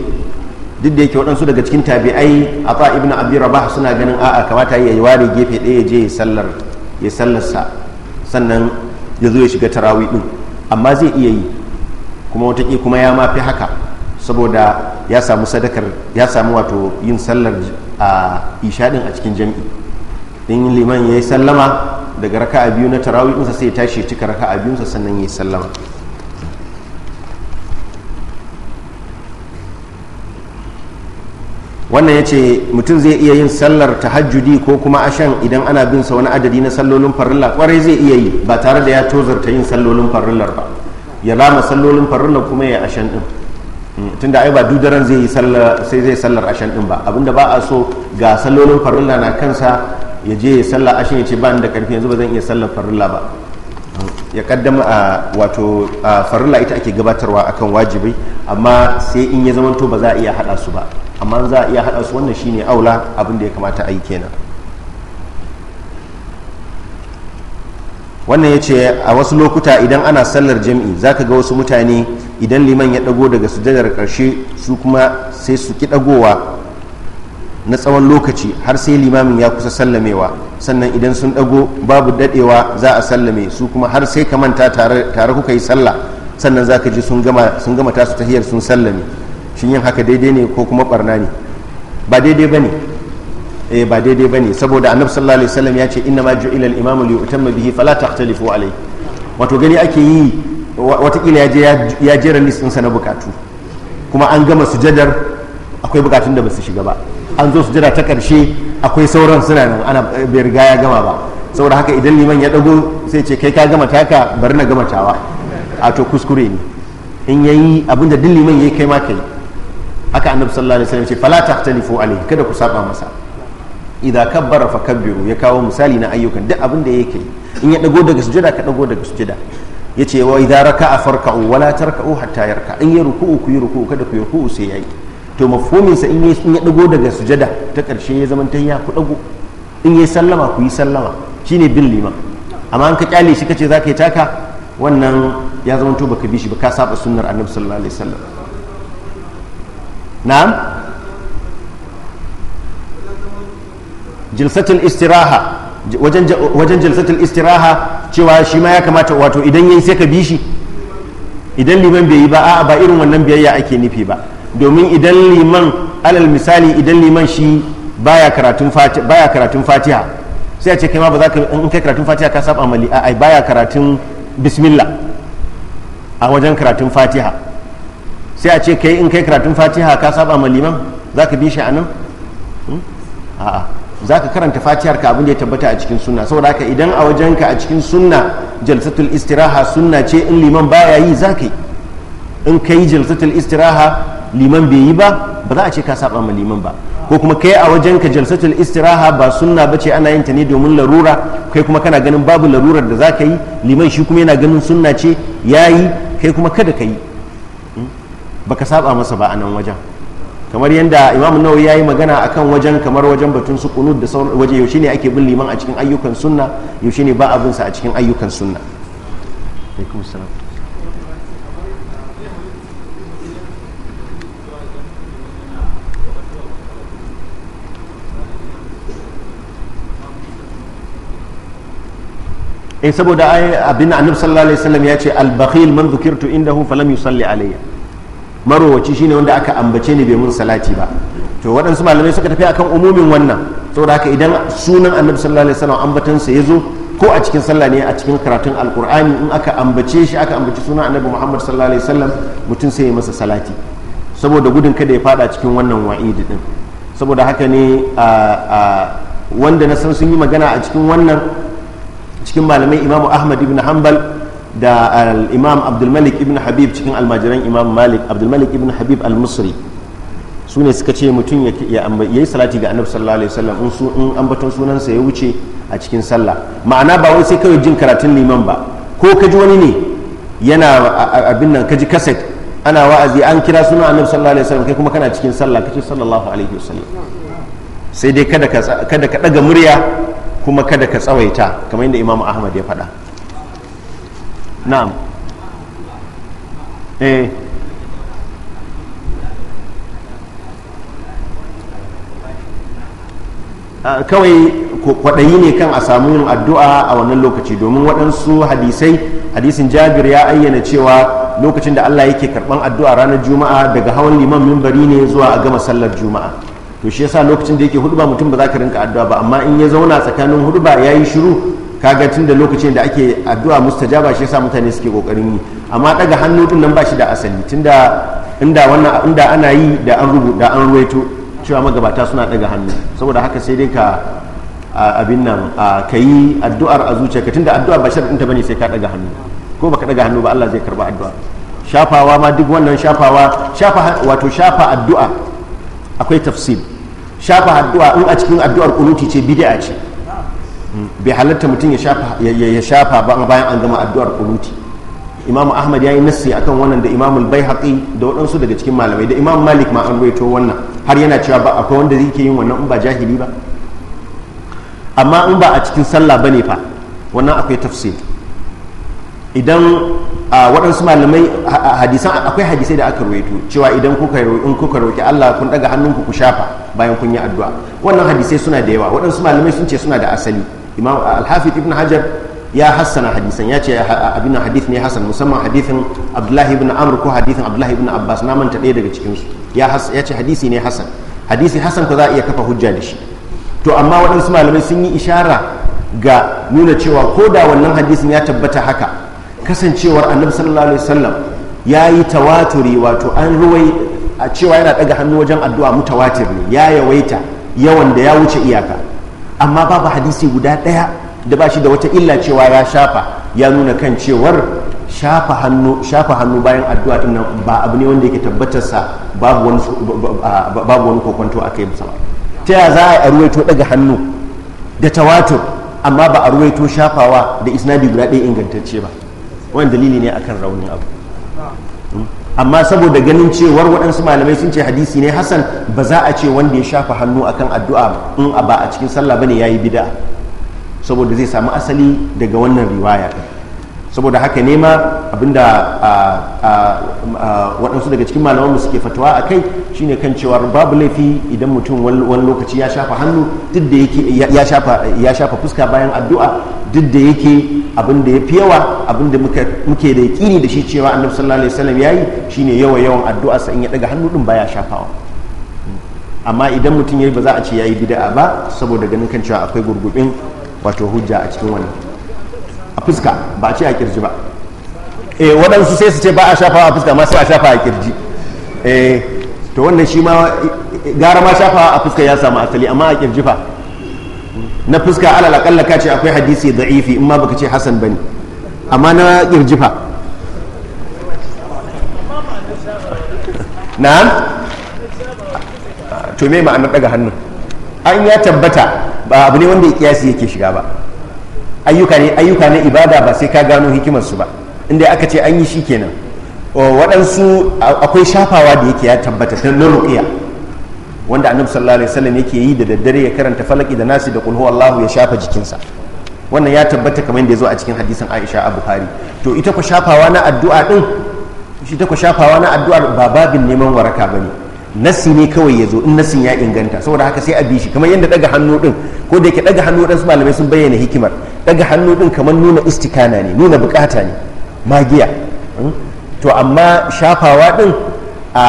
duk da yake waɗansu daga cikin tabi'ai a ta ibn abi rabah suna ganin a'a kamata ya yi ware gefe ɗaya je ya sallar ya sallarsa sannan ya zo ya shiga tarawi ɗin amma zai iya yi kuma wataƙi kuma ya ma fi haka saboda ya samu sadakar ya samu wato yin sallar a ishaɗin a cikin jam'i in liman ya yi sallama daga raka a biyu na tarawi ɗinsa sai ya tashi cika raka a biyunsa sannan ya yi sallama wannan ya ce mutum zai iya yin sallar tahajjudi ko kuma ashan idan ana bin sa wani adadi na sallolin farilla kwarai zai iya yi ba tare da ya tozarta yin sallolin farillar ba ya rama sallolin farillar kuma ya ashan din tunda ai ba dudaran zai yi sallar sai zai sallar ashen din ba abinda ba a so ga sallolin farilla na kansa ya je ya sallar ashen ya ce ba ni da karfi yanzu ba zan iya sallar farilla ba ya kaddama a wato farilla ita ake gabatarwa akan wajibi amma sai in ya zamanto ba za a iya hada su ba amma za a iya hada su wannan shine aula abin da ya kamata a yi kenan wannan ya ce a wasu lokuta idan ana sallar jami'i za ka ga wasu mutane idan liman ya dago daga sujadar ƙarshe su kuma sai su ki ɗagowa na tsawon lokaci har sai limamin ya kusa sallamewa sannan idan sun ɗago babu daɗewa za a sallame su kuma har sai ka manta tare kuka yi sallah sannan za ka ji sun gama tasu tahiyar sun sallame shin yin haka daidai ne ko kuma ɓarna ne ba daidai ba ne eh ba daidai bane saboda annabi sallallahu alaihi wasallam ya ce inna ma ju'ila al-imamu li yutamma bihi fala takhtalifu alayhi wato gani ake yi watakila ya je ya jera list din na bukatu kuma an gama sujadar akwai bukatun da ba su shiga ba an zo sujada ta karshe akwai sauran suna nan ana bai riga ya gama ba saboda haka idan liman ya dago sai ce kai ka gama taka bari na gama tawa a to kuskure ne in yayi abinda da liman yayi kai ma kai haka annabi sallallahu alaihi wasallam ce fala takhtalifu alayhi kada ku saba masa idza kabbara fakabbiru ya kawo misali na ayyukan duk abin da yake in ya dago daga sujada ka dago daga sujada yace wa idza raka'a farka'u wala tarka'u hatta yarka in ya ruku'u ku yi ruku'u kada ku yi ruku'u sai yayi to mafhumin sa in ya dago daga sujada ta karshe ya zama tayya ku dago in ya sallama ku yi sallama shine bin liman amma an ka kyale shi kace zaka yi taka wannan ya zama to baka bi shi ba ka saba sunnar annabi sallallahu alaihi wasallam na'am jilsatul istiraha wajen jilsatul istiraha cewa shi ma ya kamata wato idan yayi sai ka bi shi idan liman bai yi ba a'a ba irin wannan biyayya ake nufi ba domin idan liman alal misali idan liman shi baya karatun fatiha baya karatun fatiha sai a ce kai ma ba za ka in kai karatun fatiha ka saba mali a'a baya karatun bismillah a wajen karatun fatiha sai a ce kai in kai karatun fatiha ka saba ma liman za ka bi shi a nan a'a za ka karanta fatihar ka abin da ya tabbata a cikin sunna saboda haka idan a wajenka a cikin sunna jalsatul istiraha sunna ce in liman baya yi za ka yi in ka yi jalsatul istiraha liman bai yi ba ba za a ce ka saba ma liman ba ko kuma kai a wajen wajenka jalsatul istiraha ba sunna ba ce ana yin ta ne domin larura kai kuma kana ganin babu larurar da za ka yi liman shi kuma yana ganin sunna ce ya yi kai kuma kada ka yi hmm? baka saba masa ba a nan wajen kamar yadda imam nawawi ya yi magana akan wajen kamar wajen batun su kunud da sauran waje yaushe ne ake bin liman a cikin ayyukan sunna yaushe ne ba abin sa a cikin ayyukan sunna eh saboda abin annabi sallallahu alaihi wasallam ya ce al-bakhil man dhukirtu indahu falam yusalli alayya marowaci shine wanda aka ambace ni bai mun salati ba to waɗansu malamai suka tafi akan umumin wannan saboda haka idan sunan annabi sallallahu alaihi wasallam ambatansa ya zo ko a cikin sallah ne a cikin karatun alkur'ani in aka ambace shi aka ambaci sunan annabi muhammad sallallahu alaihi wasallam mutum sai ya masa salati saboda gudun kada ya fada cikin wannan wa'idi din saboda haka ne a wanda na san sun yi magana a cikin wannan cikin malamai imamu ahmad ibn hanbal da ah, al-imam abdulmalik ibn habib cikin almajiran imam malik abdulmalik ibn habib al musri su ne suka ce mutum ya yi salati ga annabi sallallahu alaihi wasallam in ambaton sunansa ya wuce a cikin sallah ma'ana ba wai sai kawai jin karatun liman ba ko ka ji wani ne yana abin nan ka ji kaset ana wa'azi an kira sunan annabi sallallahu alaihi wasallam kai kuma kana cikin sallah kace sallallahu alaihi wasallam sai dai kada ka kada ka daga murya kuma kada ka tsawaita kamar yadda imam ahmad ya faɗa na'am ايه e, kawai kwaɗayi ne kan a samu yin addu'a a wannan lokaci domin waɗansu hadisai hadisin jabir ya ayyana cewa lokacin da allah yake karɓan addu'a ranar juma'a daga hawan liman mimbari ne zuwa a gama sallar juma'a to shi yasa lokacin da yake ba mutum ba za ka rinka addu'a ba amma in ya zauna tsakanin huduba ya yi shiru kaga tun da lokacin da ake addu'a mustajaba shi yasa mutane suke kokarin yi amma daga hannu din nan ba shi da asali tunda inda wannan inda ana yi da an rubuta an ruwaito cewa magabata suna daga hannu saboda haka sai dai ka abin nan ka yi addu'ar a zuciyarka tunda addu'a ba shirin ta bane sai ka daga hannu ko baka daga hannu ba Allah zai karba addu'a shafawa ma duk wannan shafawa shafa wato shafa addu'a akwai tafsir shafa addu'a in a cikin addu'ar kunuti ce bid'a ce bai halatta mutum ya shafa ba bayan an gama addu'ar kuruti imamu ahmad ya yi nassi akan wannan da imamul bai haƙi da waɗansu daga cikin malamai da imam malik ma an ruwaito wannan har yana cewa ba akwai wanda zai ke yin wannan in ba jahili ba amma in ba a cikin sallah bane fa wannan akwai tafsir idan a waɗansu malamai hadisan akwai hadisai da aka rawaito cewa idan kuka in kuka roki Allah kun daga hannunku ku shafa bayan kun yi addu'a wannan hadisai suna da yawa waɗansu malamai sun ce suna da asali imam al ibn hajar ya hassana hadisan ya ce abin hadith ne hassan musamman hadithin abdullahi ibn amr ko hadithin abdullahi ibn abbas na manta ɗaya daga cikinsu ya ce hadisi ne hassan hadisi hassan ko za a iya kafa hujja da shi to amma waɗansu malamai sun yi ishara ga nuna cewa ko da wannan hadisin ya tabbata haka kasancewar annabi sallallahu alaihi wasallam ya yi tawaturi wato an ruwai a cewa yana ɗaga hannu wajen addu'a mutawatir ne ya yawaita yawan da ya wuce iyaka amma babu hadisi guda ɗaya da ba shi da wata illa cewa ya shafa ya nuna kan cewar shafa hannu bayan addu'a din nan ba abu ne wanda yake tabbatar sa babu wani babu wani kokonto akai musa ta ya za a ruwaito daga hannu da tawatur amma ba a ruwaito shafawa da isnadi guda ɗaya ingantacce ba wani dalili ne akan raunin abu amma saboda ganin cewar waɗansu malamai sun ce hadisi ne hassan ba za a ce wanda ya shafa hannu akan addu'a in a ba a cikin sallah ba ne ya yi bid'a saboda zai samu asali daga wannan riwaya saboda haka ne ma abinda waɗansu daga cikin malamanmu suke fatawa a kai shine kan cewar babu laifi idan mutum wani lokaci ya shafa hannu duk da yake ya shafa fuska bayan addu'a duk da yake abin da ya fi yawa abinda da muke da yakini da shi cewa annabi sallallahu alaihi wasallam yayi shine yawa yawan addu'a sa in ya daga hannu din baya shafawa amma idan mutum yayi ba za a ce yayi bid'a ba saboda ganin kan cewa akwai gurgubin wato hujja a cikin wannan a fuska ba a ce a kirji ba eh waɗansu sai su ce ba a shafa a fuska ma sai a shafa a kirji eh to wannan shi ma gara ma shafa a fuska ya samu asali amma a kirji fa na fuska alal akalla ka ce akwai hadisi da'ifi in ma baka ce hasan bane amma na kirji fa na'am to me ma'anar daga hannun an ya tabbata ba abu ne wanda ya kiyasi yake shiga ba ayyuka ne ayyuka na ibada ba sai ka gano hikimar su ba inda aka ce an yi shi kenan waɗansu akwai shafawa da yake ya tabbata ta na ruqiya wanda annabi sallallahu alaihi wasallam yake yi da daddare ya karanta falaki da nasi da kulhu Allahu ya shafa jikinsa wannan ya tabbata kamar yadda ya zo a cikin hadisin Aisha a buhari to ita ku shafawa na addu'a din shi ta ku shafawa na addu'a ba babin neman waraka ba ne. nassi ne kawai ya zo in nassin ya inganta saboda haka sai a bi shi kamar yadda daga hannu din ko da yake daga hannu din su malamai sun bayyana hikimar daga hannu din kamar nuna istikana ne nuna bukata ne magiya hmm? to amma shafawa din a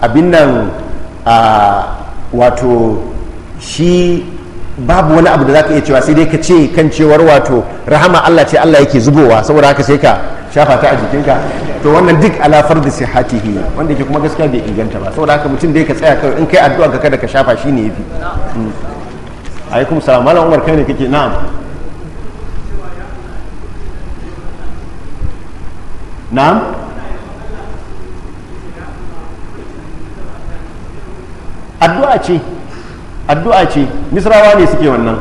abin nan wato shi babu wani abu da za ka iya cewa sai dai ka ce kan cewar wato rahama Allah ce Allah yake zubowa saboda haka sai ka shafa ta a jikinka to wannan duk ala fardi sihatihi wanda yake kuma gaskiya bai inganta ba saboda haka mutum dai ka tsaya kawai in kai addu'a ka kada ka shafa shi ne yafi hmm. alaikum salam malam umar kai ne kake na'am na'am addu'a ce addu'a ce misrawa ne suke wannan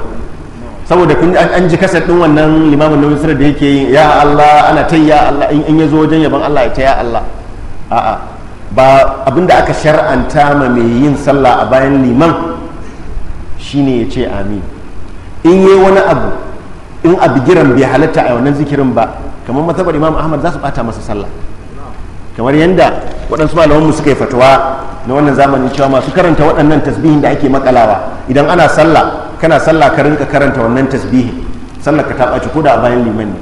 saboda kun an ji kasar din wannan limamin na misra da yake yin ya Allah ana ta ya Allah in ya zo wajen yaban Allah ya ta ya Allah a'a ba abinda aka shar'anta ma mai yin sallah a bayan liman shine ya ce amin in yi wani abu in a giran bai halatta a wannan zikirin ba kamar matsabar imam ahmad za su bata masa sallah kamar yadda waɗansu malamanmu suka yi fatawa na wannan zamanin cewa masu karanta waɗannan tasbihin da ake makalawa idan ana sallah kana sallah ka rinka karanta wannan tasbihin sallah ka ta ɓaci ko da a bayan liman ne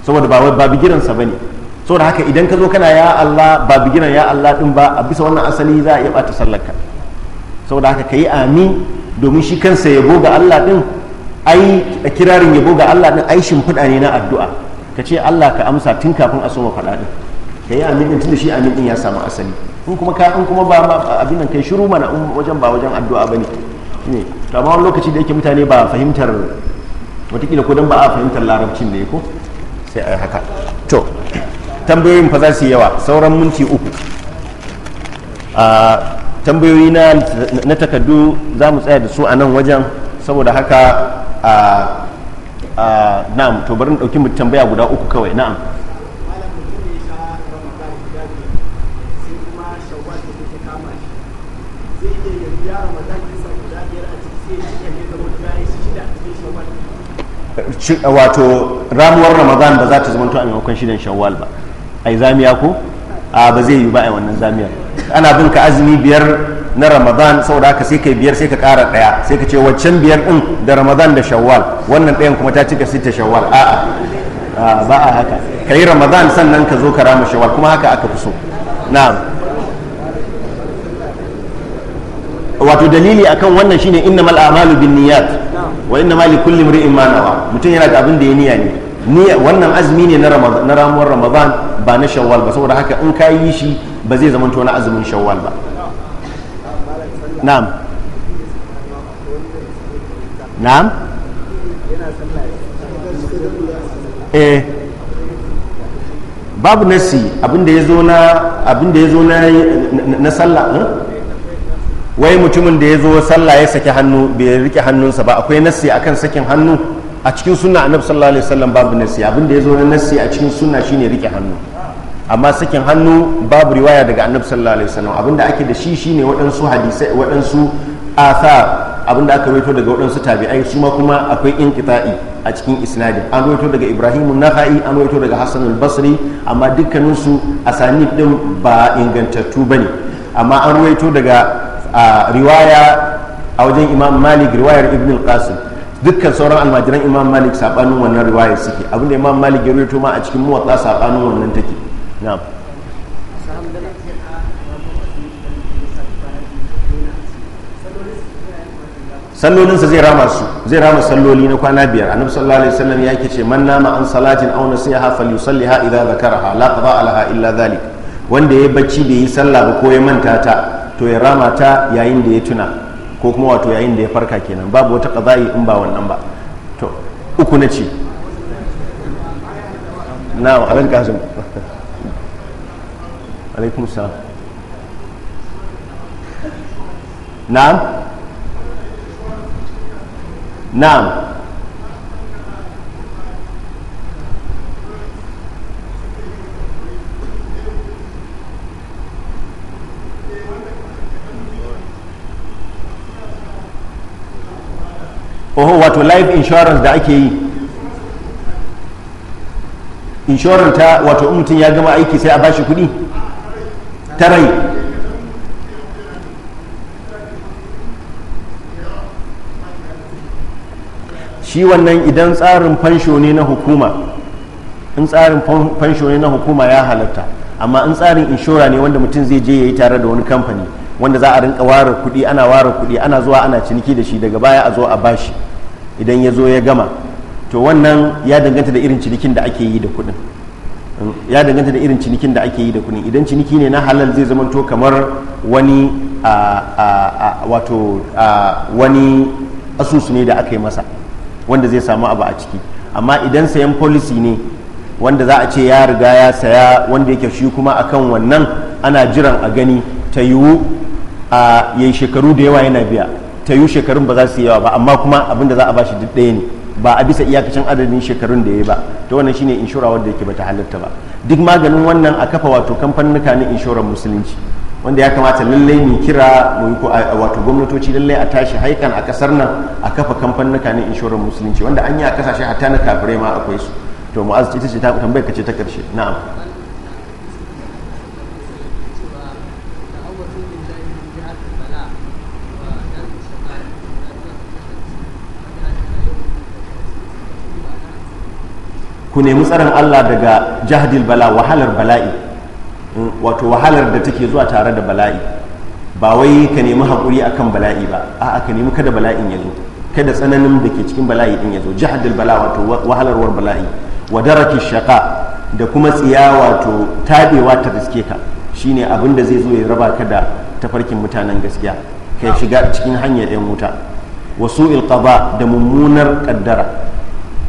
saboda ba ba bigiransa bane saboda haka idan ka zo kana ya Allah ba bigiran ya Allah din ba a bisa wannan asali za a iya ɓata sallar ka saboda haka kayi amin domin shi kansa yabo ga Allah din ai kirarin yabo ga Allah din ai shimfiɗa ne na addu'a ka ce Allah ka amsa tun kafin a soma ma din ka yi amin din da shi amin ya samu asali in kuma ka in kuma ba abin nan kai shiru mana in wajen ba wajen addu'a bane ne to amma wani lokaci da yake mutane ba fahimtar watakila ko dan ba a fahimtar larabcin ne ko sai a haka to tambayoyin fa za su yi yawa sauran minti uku a tambayoyi na na takardu za mu tsaya da su a nan wajen saboda haka a na'am to bari mu ɗauki mu tambaya guda uku kawai na'am wato ramuwar ramadan ba za ta zama a maimakon shidan shawwal ba ai zamiya ko a ba zai yi ba a wannan zamiyar ana bin ka azumi biyar na ramadan saboda haka sai kai biyar sai ka kara daya sai ka ce waccan biyar din da ramadan da shawwal wannan dayan kuma ta cika sita shawwal a'a ba a haka kai ramadan sannan ka zo ka rama shawwal kuma haka aka fi so na'am wato dalili akan wannan shine innamal a'malu niyyat wa innama kulli imri'in ma nawa mutum yana da abin da ya niyya ne niyya wannan azumi ne na ramadan na ramuwar ramadan ba na shawwal ba saboda haka in ka yi shi ba zai zama to na azumin shawwal ba na'am na'am eh babu nasi abin da ya zo na abin da ya zo na na sallah eh? wai mutumin da ya zo sallah ya saki hannu bai rike hannunsa ba akwai nassi akan sakin hannu a cikin sunna annabi sallallahu alaihi wasallam babu nassi abin da ya zo na nassi a cikin suna shine rike hannu amma sakin hannu babu riwaya daga annabi sallallahu alaihi wasallam abin da ake da shi shine waɗansu hadisai waɗansu asa abin da aka rawaito daga waɗansu tabi'ai su ma kuma akwai inqita'i a cikin isnadin an rawaito daga ibrahim nahai an rawaito daga hassan al-basri amma dukkaninsu asanid din ba ingantattu bane amma an rawaito daga a riwaya a wajen imam malik riwayar ibn al-qasim dukkan sauran almajiran imam malik sabanin wannan riwaya suke abinda imam malik ya rubuto ma a cikin muwatta sabanin wannan take na'am sallolinsa zai rama su zai rama salloli na kwana biyar annabi sallallahu alaihi wasallam ya ce man nama an salatin aw nasiha falyusalliha idza zakaraha la qada alaha illa dhalik wanda ya bacci bai yi sallah ba ko ya manta ta to ya rama ta yayin da ya tuna ko kuma wato yayin da ya farka kenan babu wata qada'i in ba wannan ba to uku na ci na. alal kasim alaikum salam na'am na'am oho wato life insurance da ake yi insurance ta wato in mutum ya gama aiki sai a bashi kuɗi ta shi wannan idan tsarin fansho ne na hukuma in tsarin fansho ne na hukuma ya halatta amma in tsarin inshora ne wanda mutum zai je ya yi tare da wani kamfani wanda za a rinka ware kuɗi ana ware kuɗi ana zuwa ana ciniki da shi daga baya a zo a bashi idan ya zo ya gama to wannan ya danganta da irin cinikin da ake yi da kuɗin ya danganta da irin cinikin da ake yi da kuɗin idan ciniki ne na halal zai zamanto kamar wani wato wani asusu ne da aka yi masa wanda zai samu abu a ciki amma idan sayan policy ne wanda za a ce ya riga ya saya wanda yake shi kuma akan wannan ana jiran a gani ta yiwu a shekaru da yawa yana biya ta yi shekarun ba za su yawa ba amma kuma abin za a bashi duk ɗaya ne ba a bisa iyakacin adadin shekarun da ya yi ba ta wannan shine inshora wanda yake bata halatta ba duk maganin wannan a kafa wato kamfanuka na inshoran musulunci wanda ya kamata lallai mu kira mu ko wato gwamnatoci lallai a tashi haikan a kasar nan a kafa kamfanuka na inshorar musulunci wanda an yi a kasashe hatta na kafirai ma akwai su to mu'az ta ce ta tambayar ka ce ta karshe na'am ku nemi tsaron Allah daga jahdil bala wahalar bala'i mm, wato wahalar da take zuwa tare da bala'i ba wai ka nemi haƙuri akan bala'i ba a'a ka nemi kada bala'in ya zo kada tsananin da ke cikin bala'i din ya zo jahdil bala wato wahalarwar bala'i wa daraki shaqa da kuma tsiya wato tabewa ta riske ka shine abin da zai zo ya raba ka da tafarkin mutanen gaskiya kai shiga cikin hanyar yan wuta wasu ilqaba da mummunar kaddara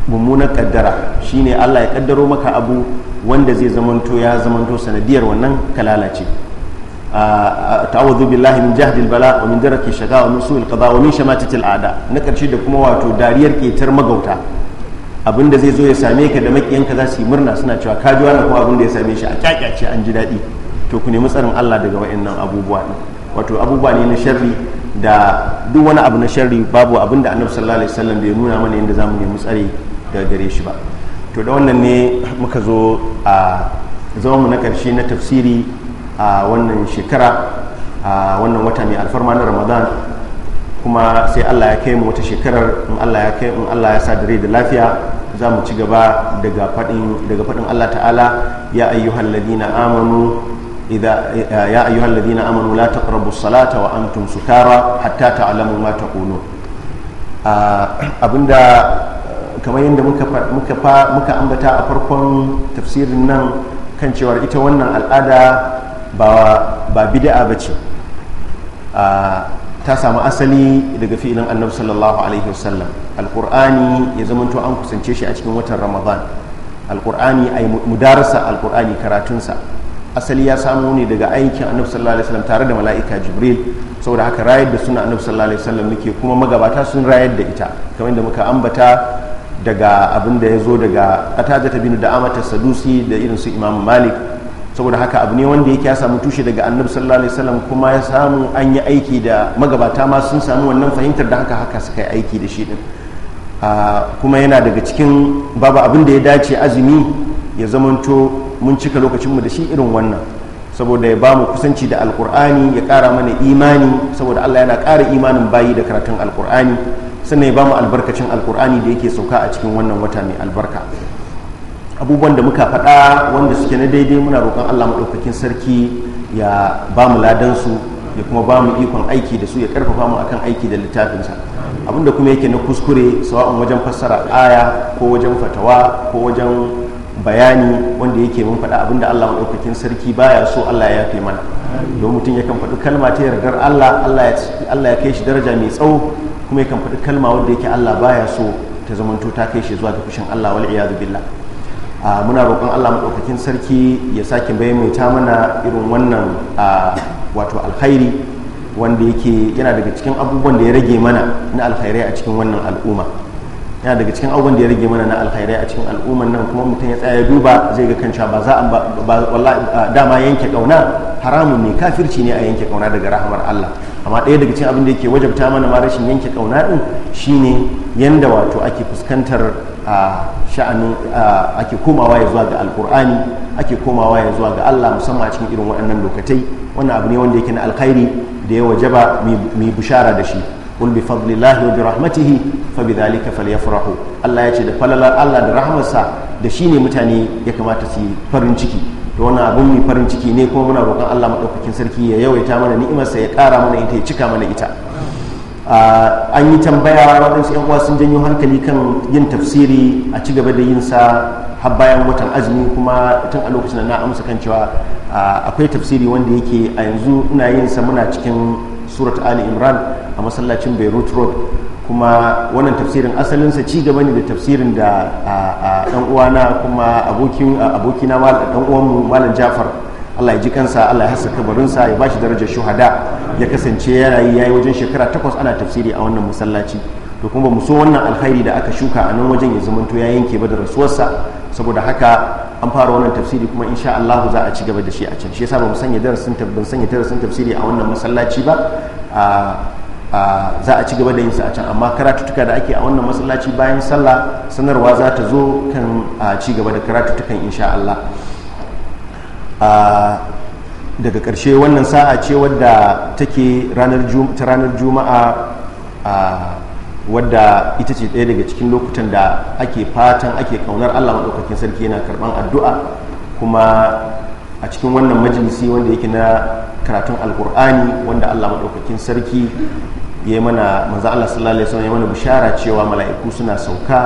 mummunar kaddara shi ne Allah ya kaddaro maka abu wanda zai zamanto ya zamanto sanadiyar wannan kalalace ta'awudhu billahi min jahdil bala wa min daraki shaga wa min su'il qada wa min shamatatil a'da na karshe da kuma wato dariyar ketar magauta abinda zai zo ya same ka da makiyanka za su yi murna suna cewa ka ji wani kuma abinda ya same shi a kyakyace an ji daɗi to ku nemi tsarin Allah daga waɗannan abubuwa wato abubuwa ne na sharri da duk wani abu na sharri babu abin da annabi sallallahu alaihi wasallam bai nuna mana yadda zamu nemi tsare daga gare shi ba to da wannan ne muka zo a mu na karshe na tafsiri a wannan shekara a wannan wata mai alfarma na ramadan kuma sai allah ya kai mu wata shekarar in allah ya kai in allah ya sa dare da lafiya za mu ci gaba daga faɗin allah ta'ala ya ayyuhal ladina amanu إذا يا أيها الذين آمنوا لا تقربوا الصلاة وأنتم سكارى حتى تعلموا ما تقولون أبندا kamar yadda muka ambata a farkon tafsirin nan kan cewar ita wannan al'ada ba bida'a ba ce ta samu asali daga filin annabi sallallahu alaihi wasallam alkur'ani ya zamanto an kusance shi a cikin watan ramadan alkur'ani a mudarasa alkur'ani karatunsa asali ya samu ne daga aikin annabi sallallahu alaihi wasallam tare da mala'ika jibril saboda haka rayar da suna annabi sallallahu alaihi wasallam nake kuma magabata sun rayar da ita kamar da muka ambata daga abin da ya zo daga qatada bin da amata sadusi da irin su imam malik saboda haka abu ne wanda yake ya samu tushe daga annabi sallallahu alaihi wasallam kuma ya samu an aiki da magabata ma sun samu wannan fahimtar da haka haka suka yi aiki da shi din ah, kuma yana daga cikin babu abin da ya dace azumi ya zamanto mun cika lokacinmu da shi irin wannan saboda ya ba mu kusanci da alkur'ani ya ƙara mana imani saboda allah yana kara imanin bayi da karatun alkur'ani sannan ya ba mu albarkacin alkur'ani da yake sauka a cikin wannan wata mai albarka abubuwan da muka faɗa wanda suke na daidai muna roƙon allah maɗaukakin sarki ya ba mu ladansu ya kuma ba mu ikon aiki da su ya ƙarfafa mu akan aiki da littafinsa abinda kuma yake na kuskure sawa'un wajen fassara aya ko wajen fatawa ko wajen bayani wanda yake mun faɗa abinda Allah maɗaukakin sarki baya so Allah ya fi mana don mutum yakan faɗi kalma ta yardar Allah Allah ya kai shi daraja mai tsawo kuma yakan faɗi kalma wanda yake Allah baya so ta zamanto ta kai shi zuwa ga fushin Allah wal iyadu billah muna roƙon Allah maɗaukakin sarki ya sake ta mana irin wannan wato alkhairi wanda yake yana daga cikin abubuwan da ya rage mana na alkhairai a cikin wannan al'umma yana daga cikin abubuwan da ya rage mana na alkhairai a cikin al'umman nan kuma mutum ya tsaya duba zai ga kanta ba za a dama yanke kauna haramun ne kafirci ne a yanke kauna daga rahamar Allah amma ɗaya daga cikin abin da yake wajabta mana ma rashin yanke kauna din shine yanda wato ake fuskantar sha'anin ake komawa ya zuwa ga alkur'ani ake komawa ya zuwa ga Allah musamman a cikin irin waɗannan lokatai wannan abu ne wanda yake na alkhairi da ya wajaba mai bishara da shi qul bi fadlillahi wa bi rahmatihi fa bi dhalika falyafrahu Allah ya ce da falalar Allah da rahmarsa da shine mutane ya kamata su yi farin ciki to wannan abun mu farin ciki ne kuma muna roƙon Allah madaukakin sarki ya yawaita mana ni'imarsa ya ƙara mana ita ya cika mana ita an yi tambaya waɗansu yan uwa sun janyo hankali kan yin tafsiri a ci gaba da yin sa har bayan watan azumi kuma tun a lokacin da na amsa kan cewa akwai tafsiri wanda yake a yanzu ina yin sa muna cikin surat ali imran a masallacin beirut road kuma wannan tafsirin asalinsa ci gaba ne da tafsirin da dan uwana kuma abokin abokina dan uwanmu malam jafar Allah ya ji kansa Allah ya hasa kabarinsa ya bashi darajar shuhada ya kasance ya yi yayi wajen shekara takwas ana tafsiri a wannan masallaci to kuma ba mu so wannan alkhairi da aka shuka a nan wajen ya zamanto ya yanke ba da rasuwarsa saboda haka an fara wannan tafsiri kuma insha Allah za a ci gaba da shi a can shi yasa ba mu sanya darasin ban sanya darasin tafsiri a wannan masallaci ba za a ci gaba da yin sa a can amma karatutuka da ake a wannan masallaci bayan sallah sanarwa za ta zo kan a ci gaba da karatutukan insha Allah daga karshe wannan sa'a ce wadda take ranar juma'a wadda ita ce ɗaya daga cikin lokutan da ake fatan ake kaunar allah maɗaukakin sarki yana karɓan addu'a kuma a cikin wannan majalisi wanda yake na karatun alkur'ani wanda allah maɗaukakin sarki ya yi mana maza allah sallallahu alaihi ya mana bishara cewa mala'iku suna sauka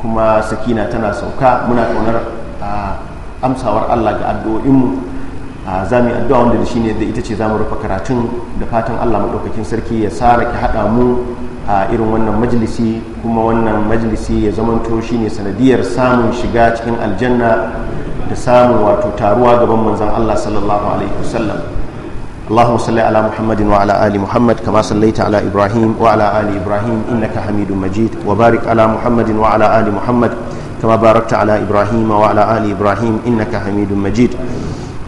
kuma sakina tana sauka muna kaunar amsawar allah ga addu'o'inmu a za addu'a wanda da shi ne da ita ce za mu rufe karatun da fatan allah maɗaukakin sarki ya sara ki haɗa mu a irin wannan majalisi kuma wannan majalisi ya zamanto shine sanadiyar samun shiga cikin aljanna da samun wato taruwa gaban manzon Allah sallallahu alaihi wasallam اللهم صل على محمد وعلى آل محمد كما صليت على إبراهيم وعلى آل إبراهيم إنك حميد مجيد وبارك على محمد وعلى آل محمد كما باركت على إبراهيم وعلى آل إبراهيم إنك حميد مجيد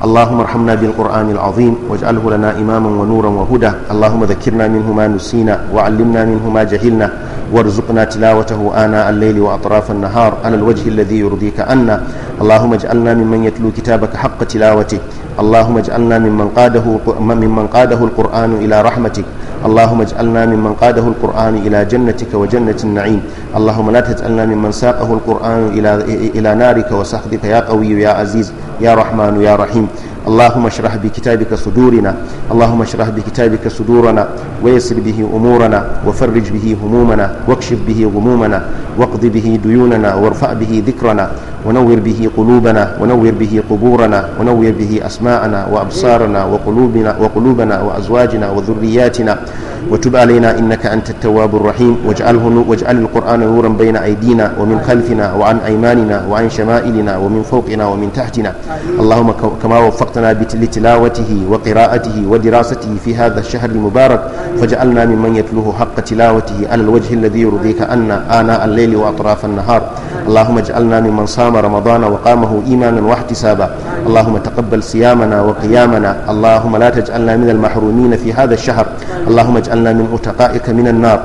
اللهم ارحمنا بالقرآن العظيم واجعله لنا إماما ونورا وهدى اللهم ذكرنا منه ما نسينا وعلمنا منه ما جهلنا وارزقنا تلاوته آناء الليل وأطراف النهار على الوجه الذي يرضيك عنا اللهم اجعلنا ممن يتلو كتابك حق تلاوته اللهم اجعلنا ممن قاده ممن قاده القرآن إلى رحمتك اللهم اجعلنا ممن قاده القرآن إلى جنتك وجنة النعيم اللهم لا تجعلنا ممن ساقه القرآن إلى إلى نارك وسخطك يا قوي يا عزيز يا رحمن يا رحيم اللهم اشرح بكتابك صدورنا اللهم اشرح بكتابك صدورنا ويسر به أمورنا وفرج به همومنا واكشف به غمومنا واقض به ديوننا وارفع به ذكرنا ونور به قلوبنا ونور به قبورنا ونور به أسماءنا وأبصارنا وقلوبنا, وقلوبنا وأزواجنا وذرياتنا وتب علينا إنك أنت التواب الرحيم واجعله واجعل القرآن نورا بين أيدينا ومن خلفنا وعن أيماننا وعن شمائلنا ومن فوقنا ومن تحتنا اللهم كما وفقتنا لتلاوته وقراءته ودراسته في هذا الشهر المبارك فجعلنا ممن يتلوه حق تلاوته على الوجه الذي يرضيك عنا آناء الليل وأطراف النهار اللهم اجعلنا ممن صام صام رمضان وقامه إيمانا واحتسابا اللهم تقبل صيامنا وقيامنا اللهم لا تجعلنا من المحرومين في هذا الشهر اللهم اجعلنا من أتقائك من النار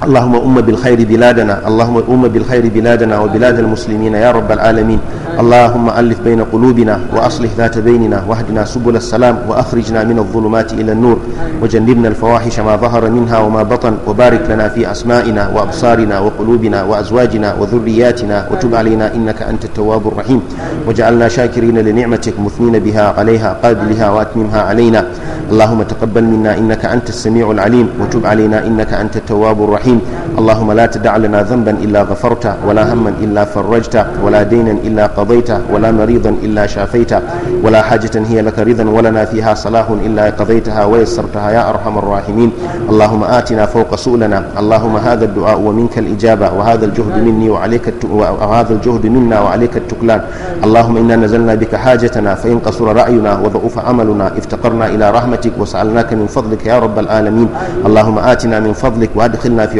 اللهم أم بالخير بلادنا اللهم أم بالخير بلادنا وبلاد المسلمين يا رب العالمين اللهم ألف بين قلوبنا وأصلح ذات بيننا واهدنا سبل السلام وأخرجنا من الظلمات إلى النور وجنبنا الفواحش ما ظهر منها وما بطن وبارك لنا في أسمائنا وأبصارنا وقلوبنا وأزواجنا وذرياتنا وتب علينا إنك أنت التواب الرحيم وجعلنا شاكرين لنعمتك مثنين بها عليها قابلها وأتممها علينا اللهم تقبل منا إنك أنت السميع العليم وتب علينا إنك أنت التواب الرحيم الرحيم اللهم لا تدع لنا ذنبا إلا غفرته ولا هما إلا فرجته ولا دينا إلا قضيته ولا مريضا إلا شافيته ولا حاجة هي لك رضا ولنا فيها صلاح إلا قضيتها ويسرتها يا أرحم الراحمين اللهم آتنا فوق سؤلنا اللهم هذا الدعاء ومنك الإجابة وهذا الجهد مني وعليك وهذا الجهد منا وعليك التكلان اللهم إنا نزلنا بك حاجتنا فإن قصر رأينا وضعف عملنا افتقرنا إلى رحمتك وسألناك من فضلك يا رب العالمين اللهم آتنا من فضلك وأدخلنا في